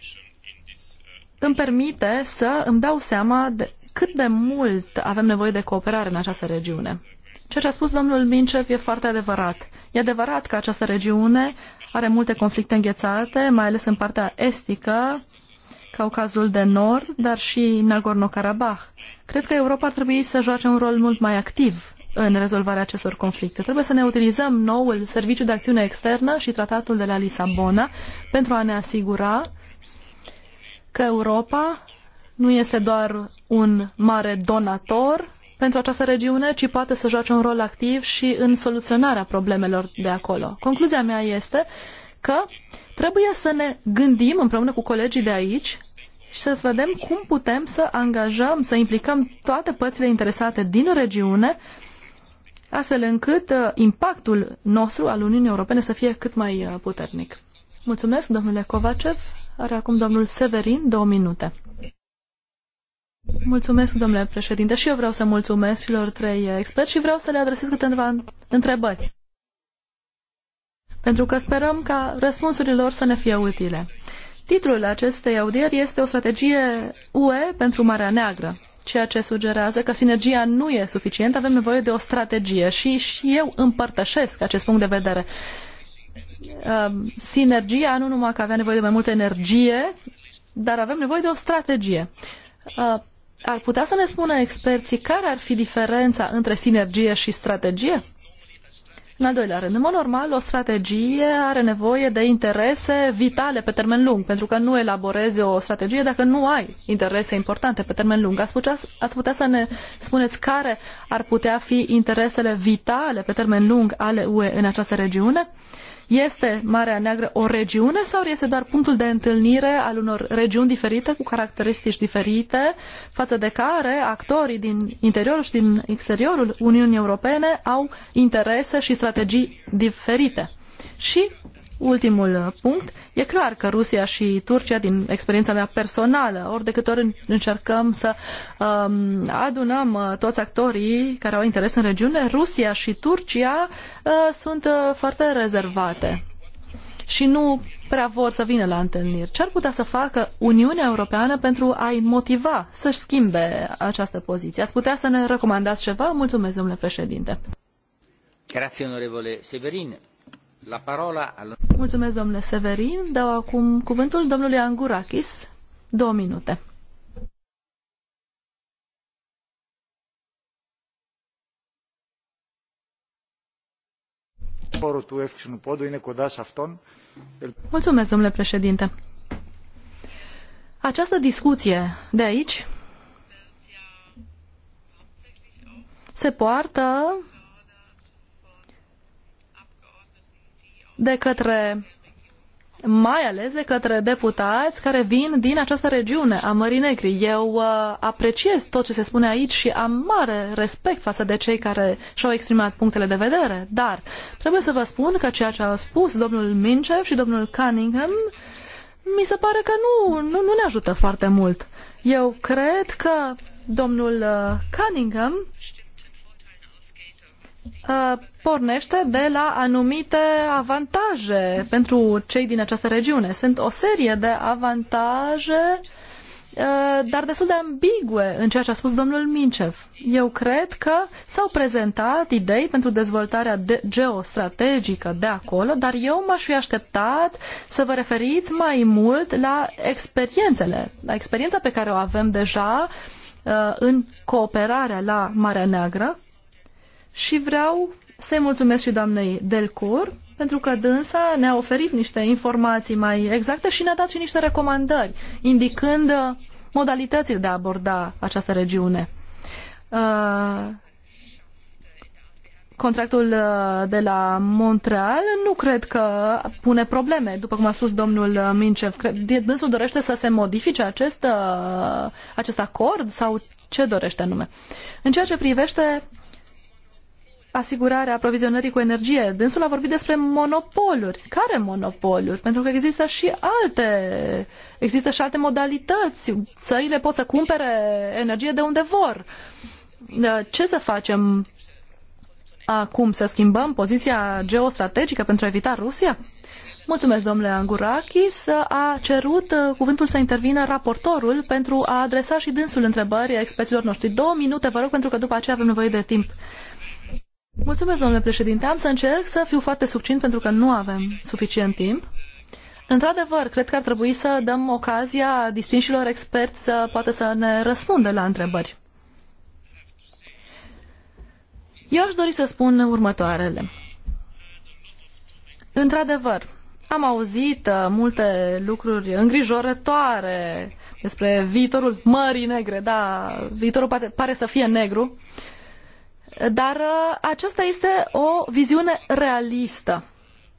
îmi permite să îmi dau seama de cât de mult avem nevoie de cooperare în această regiune. Ceea ce a spus domnul Mincev e foarte adevărat. E adevărat că această regiune are multe conflicte înghețate, mai ales în partea estică, Caucazul de Nord, dar și Nagorno-Karabakh. Cred că Europa ar trebui să joace un rol mult mai activ în rezolvarea acestor conflicte. Trebuie să ne utilizăm noul Serviciu de Acțiune Externă și tratatul de la Lisabona pentru a ne asigura că Europa nu este doar un mare donator pentru această regiune, ci poate să joace un rol activ și în soluționarea problemelor de acolo. Concluzia mea este că Trebuie să ne gândim împreună cu colegii de aici și să vedem cum putem să angajăm, să implicăm toate părțile interesate din regiune, astfel încât uh, impactul nostru al Uniunii Europene să fie cât mai uh, puternic. Mulțumesc, domnule Kovacev. Are acum domnul Severin două minute. Mulțumesc, domnule președinte, și eu vreau să mulțumesc celor trei experți și vreau să le adresez câteva întrebări pentru că sperăm ca răspunsurile lor să ne fie utile. Titlul acestei audieri este o strategie UE pentru Marea Neagră, ceea ce sugerează că sinergia nu e suficientă, avem nevoie de o strategie și, și eu împărtășesc acest punct de vedere. Um, sinergia nu numai că avea nevoie de mai multă energie, dar avem nevoie de o strategie. Uh, ar putea să ne spună experții care ar fi diferența între sinergie și strategie? În al doilea rând, în mod normal, o strategie are nevoie de interese vitale pe termen lung, pentru că nu elaborezi o strategie dacă nu ai interese importante pe termen lung. Ați putea, ați putea să ne spuneți care ar putea fi interesele vitale pe termen lung ale UE în această regiune? Este Marea Neagră o regiune sau este doar punctul de întâlnire al unor regiuni diferite cu caracteristici diferite față de care actorii din interiorul și din exteriorul Uniunii Europene au interese și strategii diferite? Și ultimul uh, punct. E clar că Rusia și Turcia, din experiența mea personală, ori de câte ori încercăm să um, adunăm uh, toți actorii care au interes în regiune, Rusia și Turcia uh, sunt uh, foarte rezervate și nu prea vor să vină la întâlniri. Ce ar putea să facă Uniunea Europeană pentru a-i motiva să-și schimbe această poziție? Ați putea să ne recomandați ceva? Mulțumesc, domnule președinte. Grazie, onorevole Severin. La parola al... Mulțumesc, domnule Severin. Dau acum cuvântul domnului Angurakis. Două minute. Mulțumesc, domnule președinte. Această discuție de aici se poartă de către mai ales de către deputați care vin din această regiune a Mării Negri. Eu uh, apreciez tot ce se spune aici și am mare respect față de cei care și-au exprimat punctele de vedere, dar trebuie să vă spun că ceea ce a spus domnul Mincev și domnul Cunningham mi se pare că nu, nu, nu ne ajută foarte mult. Eu cred că domnul uh, Cunningham Uh, pornește de la anumite avantaje pentru cei din această regiune. Sunt o serie de avantaje, uh, dar destul de ambigue în ceea ce a spus domnul Mincev. Eu cred că s-au prezentat idei pentru dezvoltarea de geostrategică de acolo, dar eu m-aș fi așteptat să vă referiți mai mult la experiențele, la experiența pe care o avem deja uh, în cooperarea la Marea Neagră, și vreau să-i mulțumesc și doamnei Delcor pentru că dânsa ne-a oferit niște informații mai exacte și ne-a dat și niște recomandări, indicând uh, modalitățile de a aborda această regiune. Uh, contractul uh, de la Montreal nu cred că pune probleme, după cum a spus domnul Mincev. Dânsul dorește să se modifice acest, acest acord sau ce dorește anume? În ceea ce privește asigurarea aprovizionării cu energie. Dânsul a vorbit despre monopoluri. Care monopoluri? Pentru că există și alte, există și alte modalități. Țările pot să cumpere energie de unde vor. Ce să facem acum? Să schimbăm poziția geostrategică pentru a evita Rusia? Mulțumesc, domnule Angurakis. A cerut uh, cuvântul să intervină raportorul pentru a adresa și dânsul întrebări experților noștri. Două minute, vă rog, pentru că după aceea avem nevoie de timp. Mulțumesc, domnule președinte. Am să încerc să fiu foarte succint pentru că nu avem suficient timp. Într-adevăr, cred că ar trebui să dăm ocazia distinșilor experți să poată să ne răspundă la întrebări. Eu aș dori să spun următoarele. Într-adevăr, am auzit uh, multe lucruri îngrijorătoare despre viitorul Mării Negre, da, viitorul pare, pare să fie negru dar uh, aceasta este o viziune realistă.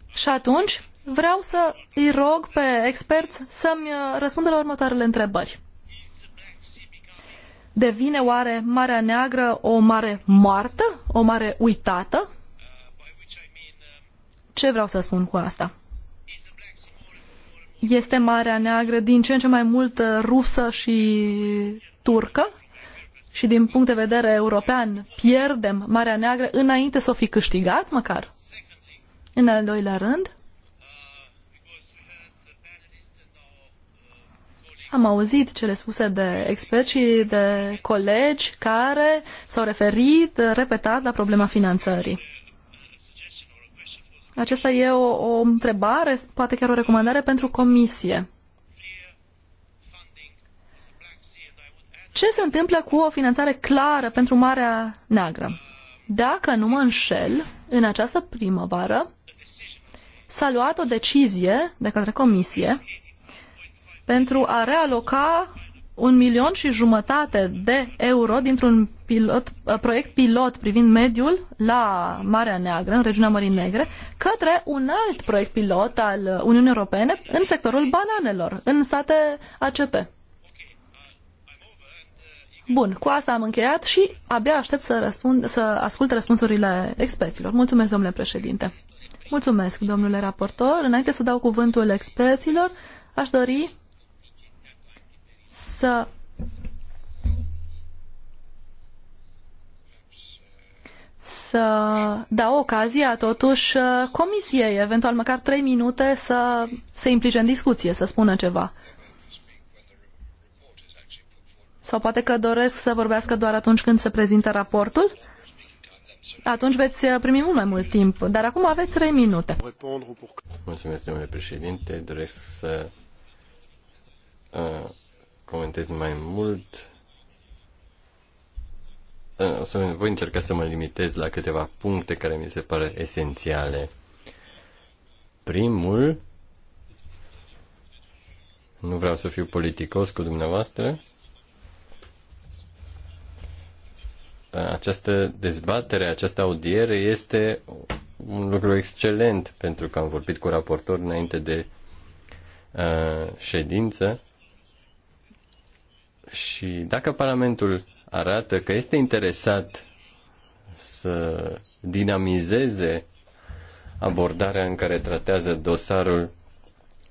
Și atunci vreau să îi rog pe experți să-mi uh, răspundă la următoarele întrebări. Devine oare Marea Neagră o mare moartă? O mare uitată? Ce vreau să spun cu asta? Este Marea Neagră din ce în ce mai mult uh, rusă și turcă? și din punct de vedere european pierdem Marea Neagră înainte să o fi câștigat măcar? În al doilea rând, Am auzit cele spuse de experți și de colegi care s-au referit repetat la problema finanțării. Aceasta e o, o întrebare, poate chiar o recomandare pentru comisie. Ce se întâmplă cu o finanțare clară pentru Marea Neagră? Dacă nu mă înșel, în această primăvară s-a luat o decizie de către Comisie pentru a realoca un milion și jumătate de euro dintr-un pilot, uh, proiect pilot privind mediul la Marea Neagră, în regiunea Mării Negre, către un alt proiect pilot al Uniunii Europene în sectorul bananelor, în state ACP. Bun, cu asta am încheiat și abia aștept să, răspund, să ascult răspunsurile experților. Mulțumesc, domnule președinte. Mulțumesc, domnule raportor. Înainte să dau cuvântul experților, aș dori să să dau ocazia totuși comisiei, eventual măcar trei minute, să se implice în discuție, să spună ceva. Sau poate că doresc să vorbească doar atunci când se prezintă raportul? Atunci veți uh, primi mult mai mult timp, dar acum aveți 3 minute. Mulțumesc, domnule președinte. Doresc să uh, comentez mai mult. Uh, o să voi încerca să mă limitez la câteva puncte care mi se pare esențiale. Primul, nu vreau să fiu politicos cu dumneavoastră, această dezbatere, această audiere este un lucru excelent pentru că am vorbit cu raportor înainte de uh, ședință și dacă Parlamentul arată că este interesat să dinamizeze abordarea în care tratează dosarul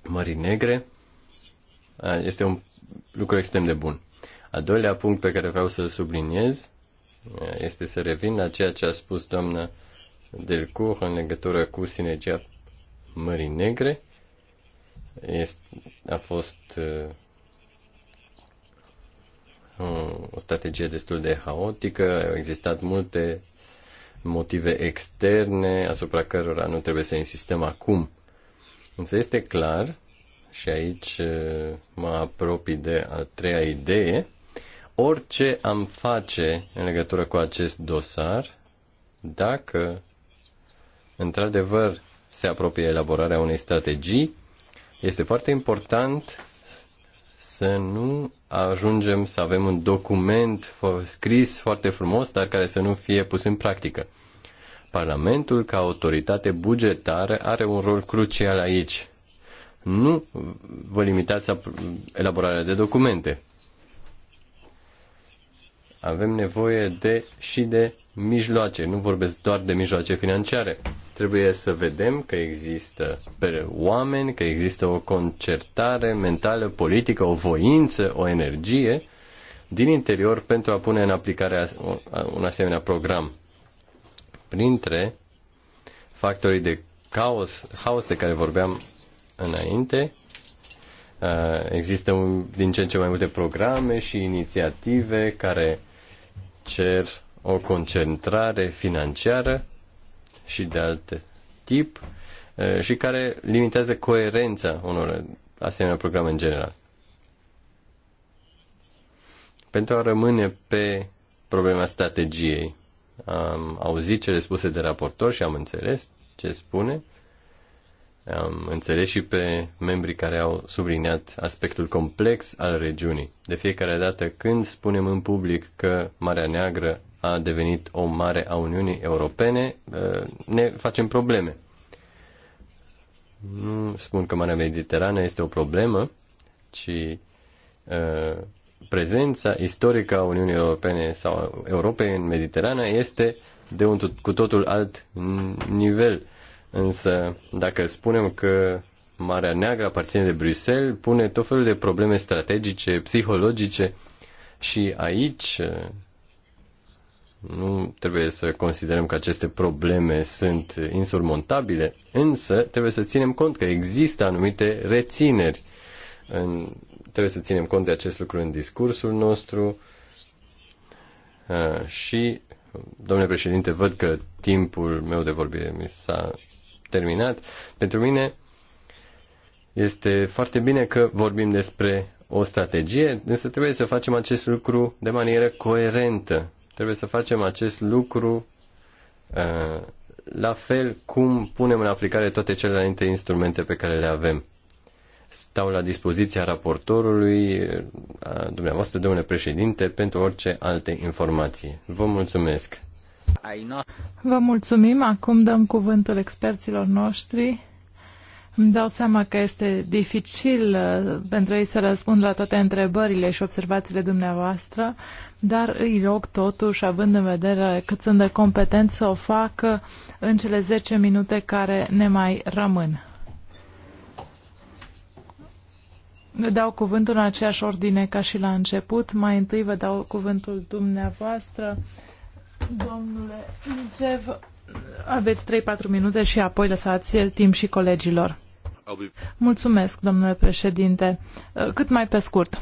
Mării Negre, uh, este un lucru extrem de bun. A doilea punct pe care vreau să-l subliniez este să revin la ceea ce a spus doamna Delcour în legătură cu sinergia Mării Negre. Este, a fost uh, o strategie destul de haotică, au existat multe motive externe asupra cărora nu trebuie să insistăm acum. Însă este clar, și aici uh, mă apropii de a treia idee, orice am face în legătură cu acest dosar, dacă într-adevăr se apropie elaborarea unei strategii, este foarte important să nu ajungem să avem un document scris foarte frumos, dar care să nu fie pus în practică. Parlamentul, ca autoritate bugetară, are un rol crucial aici. Nu vă limitați la elaborarea de documente. Avem nevoie de și de mijloace, nu vorbesc doar de mijloace financiare. Trebuie să vedem că există oameni, că există o concertare mentală, politică, o voință, o energie din interior pentru a pune în aplicare un asemenea program. Printre factorii de caos, haos de care vorbeam înainte, există din ce în ce mai multe programe și inițiative care cer o concentrare financiară și de alt tip și care limitează coerența unor asemenea programe în general. Pentru a rămâne pe problema strategiei, am auzit cele spuse de raportor și am înțeles ce spune. Am înțeles și pe membrii care au subliniat aspectul complex al regiunii. De fiecare dată când spunem în public că Marea Neagră a devenit o mare a Uniunii Europene, eh, ne facem probleme. Nu spun că Marea Mediterană este o problemă, ci eh, prezența istorică a Uniunii Europene sau Europei în Mediterană este de un cu totul alt nivel Însă, dacă spunem că Marea Neagră aparține de Bruxelles, pune tot felul de probleme strategice, psihologice și aici eh, nu trebuie să considerăm că aceste probleme sunt insurmontabile, însă trebuie să ținem cont că există anumite rețineri. În, trebuie să ținem cont de acest lucru în discursul nostru eh, și, domnule președinte, văd că timpul meu de vorbire mi s-a terminat. Pentru mine este foarte bine că vorbim despre o strategie, însă trebuie să facem acest lucru de manieră coerentă. Trebuie să facem acest lucru uh, la fel cum punem în aplicare toate celelalte instrumente pe care le avem. Stau la dispoziția raportorului, uh, a dumneavoastră, domnule președinte, pentru orice alte informații. Vă mulțumesc. Vă mulțumim. Acum dăm cuvântul experților noștri. Îmi dau seama că este dificil uh, pentru ei să răspund la toate întrebările și observațiile dumneavoastră, dar îi rog totuși, având în vedere cât sunt de competenți, să o facă în cele 10 minute care ne mai rămân. Vă dau cuvântul în aceeași ordine ca și la început. Mai întâi vă dau cuvântul dumneavoastră Domnule Gev, aveți 3-4 minute și apoi lăsați timp și colegilor. Mulțumesc, domnule președinte. Cât mai pe scurt.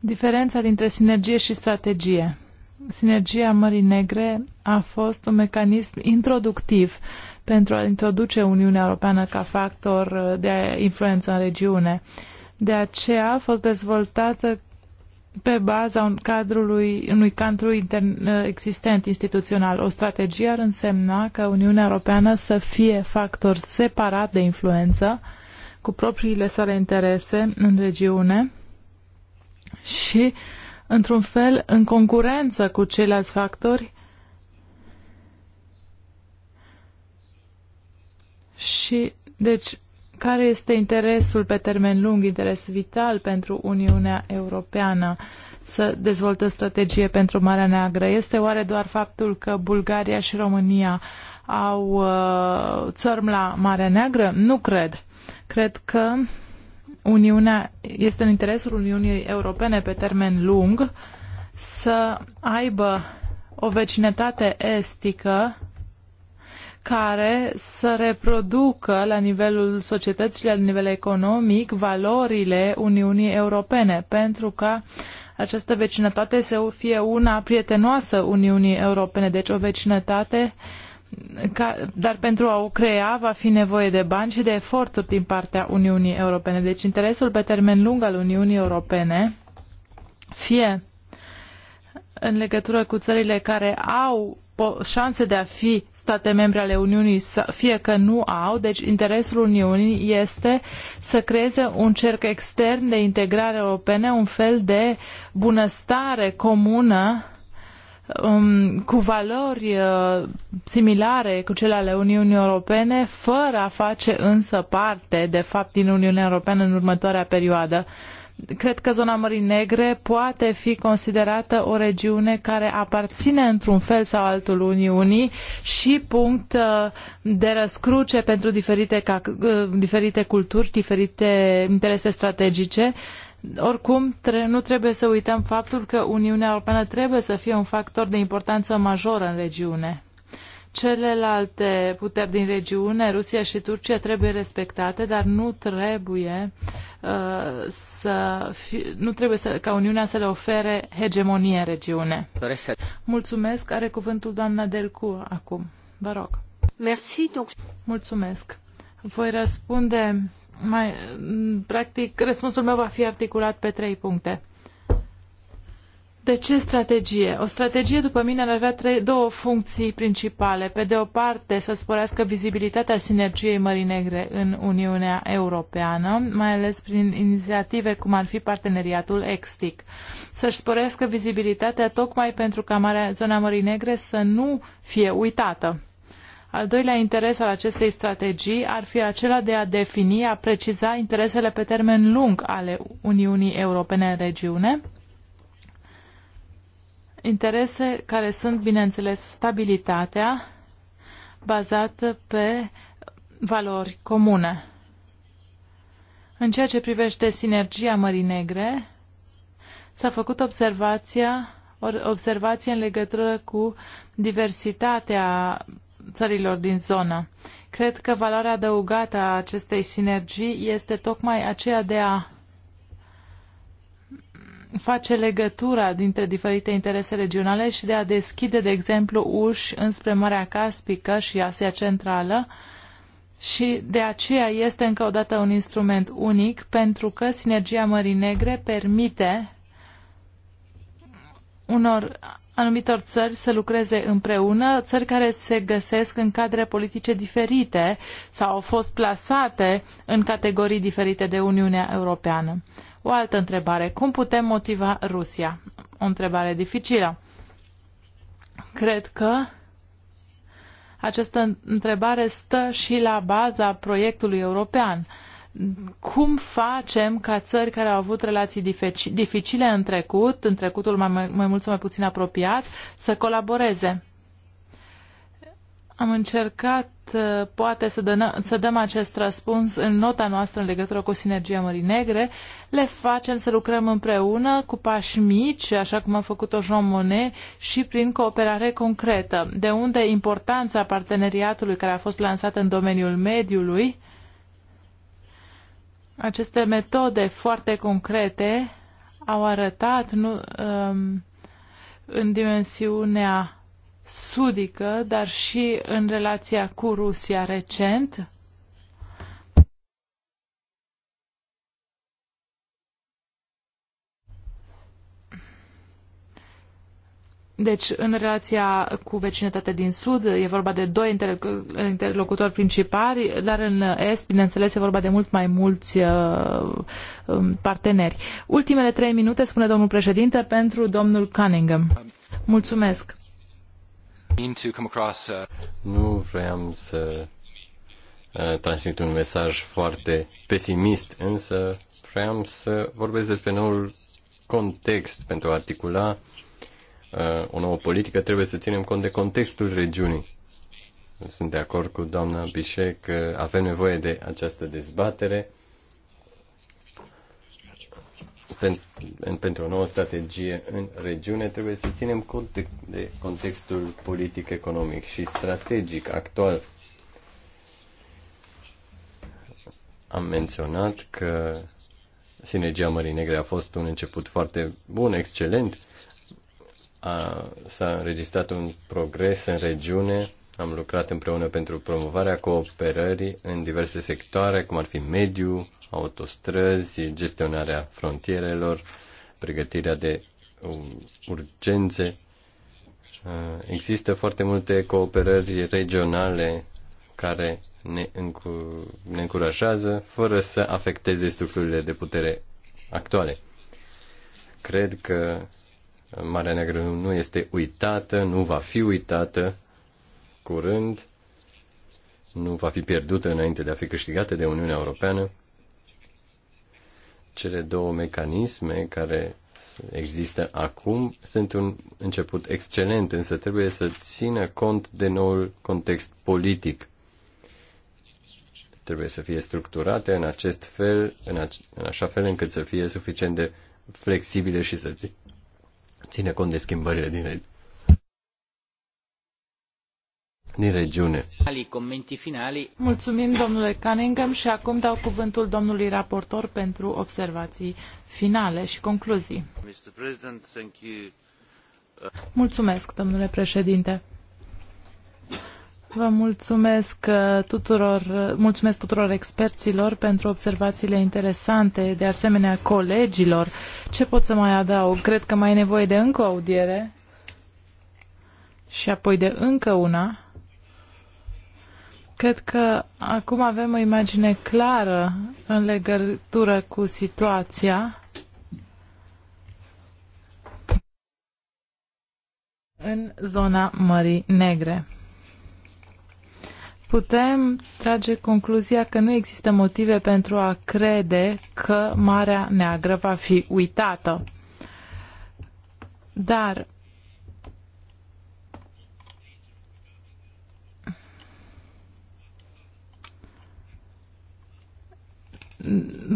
Diferența dintre sinergie și strategie. Sinergia Mării Negre a fost un mecanism introductiv pentru a introduce Uniunea Europeană ca factor de influență în regiune. De aceea a fost dezvoltată pe baza un cadrului, unui cadru intern, uh, existent instituțional. O strategie ar însemna că Uniunea Europeană să fie factor separat de influență cu propriile sale interese în regiune și, într-un fel, în concurență cu ceilalți factori și, deci, care este interesul pe termen lung, interes vital pentru Uniunea Europeană să dezvoltă strategie pentru Marea Neagră? Este oare doar faptul că Bulgaria și România au uh, țărm la Marea Neagră? Nu cred. Cred că Uniunea este în interesul Uniunii Europene pe termen lung să aibă o vecinătate estică care să reproducă la nivelul societății, la nivel economic, valorile Uniunii Europene, pentru ca această vecinătate să fie una prietenoasă Uniunii Europene, deci o vecinătate ca, dar pentru a o crea va fi nevoie de bani și de eforturi din partea Uniunii Europene. Deci interesul pe termen lung al Uniunii Europene, fie în legătură cu țările care au șanse de a fi state membre ale Uniunii, fie că nu au, deci interesul Uniunii este să creeze un cerc extern de integrare europene, un fel de bunăstare comună um, cu valori uh, similare cu cele ale Uniunii Europene, fără a face însă parte, de fapt, din Uniunea Europeană în următoarea perioadă cred că zona Mării Negre poate fi considerată o regiune care aparține într-un fel sau altul Uniunii și punct uh, de răscruce pentru diferite, uh, diferite culturi, diferite interese strategice. Oricum, nu trebuie să uităm faptul că Uniunea Europeană trebuie să fie un factor de importanță majoră în regiune. Celelalte puteri din regiune, Rusia și Turcia, trebuie respectate, dar nu trebuie uh, să fi, nu trebuie să, ca Uniunea să le ofere hegemonie în regiune. Mulțumesc. Are cuvântul doamna Delcu acum. Vă rog. Mulțumesc. Voi răspunde mai, practic, răspunsul meu va fi articulat pe trei puncte. De ce strategie? O strategie, după mine, ar avea trei, două funcții principale. Pe de o parte, să sporească vizibilitatea sinergiei Mării Negre în Uniunea Europeană, mai ales prin inițiative cum ar fi parteneriatul Extic. Să-și sporească vizibilitatea tocmai pentru ca Marea, zona Mării Negre să nu fie uitată. Al doilea interes al acestei strategii ar fi acela de a defini, a preciza interesele pe termen lung ale Uniunii Europene în regiune, Interese care sunt, bineînțeles, stabilitatea bazată pe valori comune. În ceea ce privește sinergia Mării Negre, s-a făcut observația, observație în legătură cu diversitatea țărilor din zonă. Cred că valoarea adăugată a acestei sinergii este tocmai aceea de a face legătura dintre diferite interese regionale și de a deschide, de exemplu, uși înspre Marea Caspică și Asia Centrală și de aceea este încă o dată un instrument unic pentru că sinergia Mării Negre permite unor anumitor țări să lucreze împreună, țări care se găsesc în cadre politice diferite sau au fost plasate în categorii diferite de Uniunea Europeană. O altă întrebare. Cum putem motiva Rusia? O întrebare dificilă. Cred că această întrebare stă și la baza proiectului european. Cum facem ca țări care au avut relații dificile în trecut, în trecutul mai, mai mult sau mai puțin apropiat, să colaboreze? Am încercat Uh, poate să, dă, să dăm acest răspuns în nota noastră în legătură cu sinergia Mării Negre. Le facem să lucrăm împreună cu pași mici, așa cum a făcut-o Jean Monnet, și prin cooperare concretă. De unde importanța parteneriatului care a fost lansat în domeniul mediului, aceste metode foarte concrete au arătat nu, um, în dimensiunea sudică, dar și în relația cu Rusia recent. Deci, în relația cu vecinătatea din Sud, e vorba de doi interlocutori principali, dar în Est, bineînțeles, e vorba de mult mai mulți uh, um, parteneri. Ultimele trei minute, spune domnul președinte, pentru domnul Cunningham. Mulțumesc. Uh, nu vreau să uh, transmit un mesaj foarte pesimist, însă vreau să vorbesc despre noul context pentru a articula uh, o nouă politică, trebuie să ținem cont de contextul regiunii. Sunt de acord cu doamna Bișe că avem nevoie de această dezbatere pentru o nouă strategie în regiune, trebuie să ținem cont de, de contextul politic, economic și strategic actual. Am menționat că sinergia Mării Negre a fost un început foarte bun, excelent. A, s-a înregistrat un progres în regiune. Am lucrat împreună pentru promovarea cooperării în diverse sectoare, cum ar fi mediu, autostrăzi, gestionarea frontierelor, pregătirea de um, urgențe. Uh, există foarte multe cooperări regionale care ne, încu- ne încurajează fără să afecteze structurile de putere actuale. Cred că Marea Neagră nu este uitată, nu va fi uitată curând, nu va fi pierdută înainte de a fi câștigată de Uniunea Europeană cele două mecanisme care există acum sunt un început excelent, însă trebuie să țină cont de noul context politic. Trebuie să fie structurate în acest fel, în, a, în așa fel încât să fie suficient de flexibile și să țină cont de schimbările din din regiune. Mulțumim, domnule Cunningham, și acum dau cuvântul domnului raportor pentru observații finale și concluzii. Mulțumesc, domnule președinte. Vă mulțumesc uh, tuturor, uh, mulțumesc tuturor experților pentru observațiile interesante, de asemenea colegilor. Ce pot să mai adaug? Cred că mai e nevoie de încă o audiere și apoi de încă una. Cred că acum avem o imagine clară în legătură cu situația. în zona Mării Negre. Putem trage concluzia că nu există motive pentru a crede că Marea Neagră va fi uitată. Dar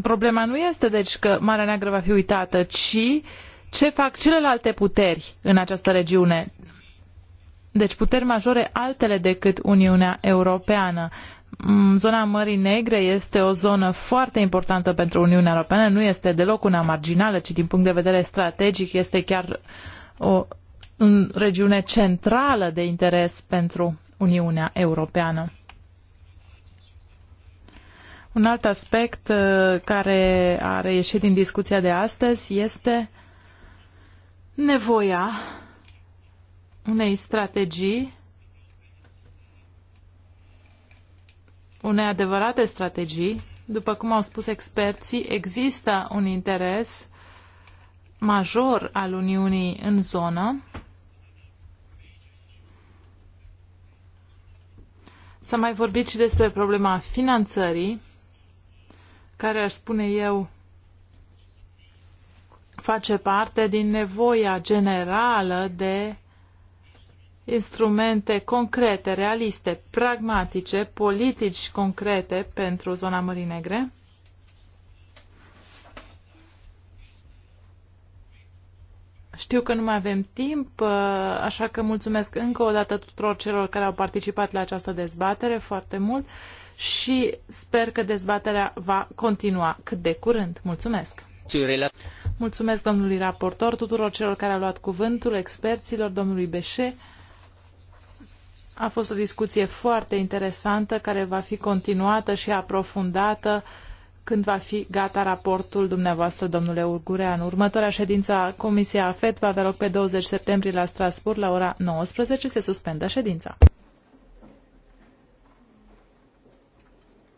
problema nu este deci că Marea Neagră va fi uitată, ci ce fac celelalte puteri în această regiune. Deci puteri majore altele decât Uniunea Europeană. Mm, zona Mării Negre este o zonă foarte importantă pentru Uniunea Europeană, nu este deloc una marginală, ci din punct de vedere strategic este chiar o regiune centrală de interes pentru Uniunea Europeană. Un alt aspect uh, care a reieșit din discuția de astăzi este nevoia unei strategii, unei adevărate strategii. După cum au spus experții, există un interes major al Uniunii în zonă. S-a mai vorbit și despre problema finanțării care aș spune eu face parte din nevoia generală de instrumente concrete, realiste, pragmatice, politici concrete pentru zona Mării Negre. Știu că nu mai avem timp, uh, așa că mulțumesc încă o dată tuturor celor care au participat la această dezbatere foarte mult și sper că dezbaterea va continua cât de curând. Mulțumesc! Mulțumesc domnului raportor, tuturor celor care au luat cuvântul, experților, domnului Beșe. A fost o discuție foarte interesantă care va fi continuată și aprofundată când va fi gata raportul dumneavoastră, domnule Urgureanu. Următoarea ședință a Comisiei AFET va avea loc pe 20 septembrie la Strasbourg la ora 19. Se suspendă ședința.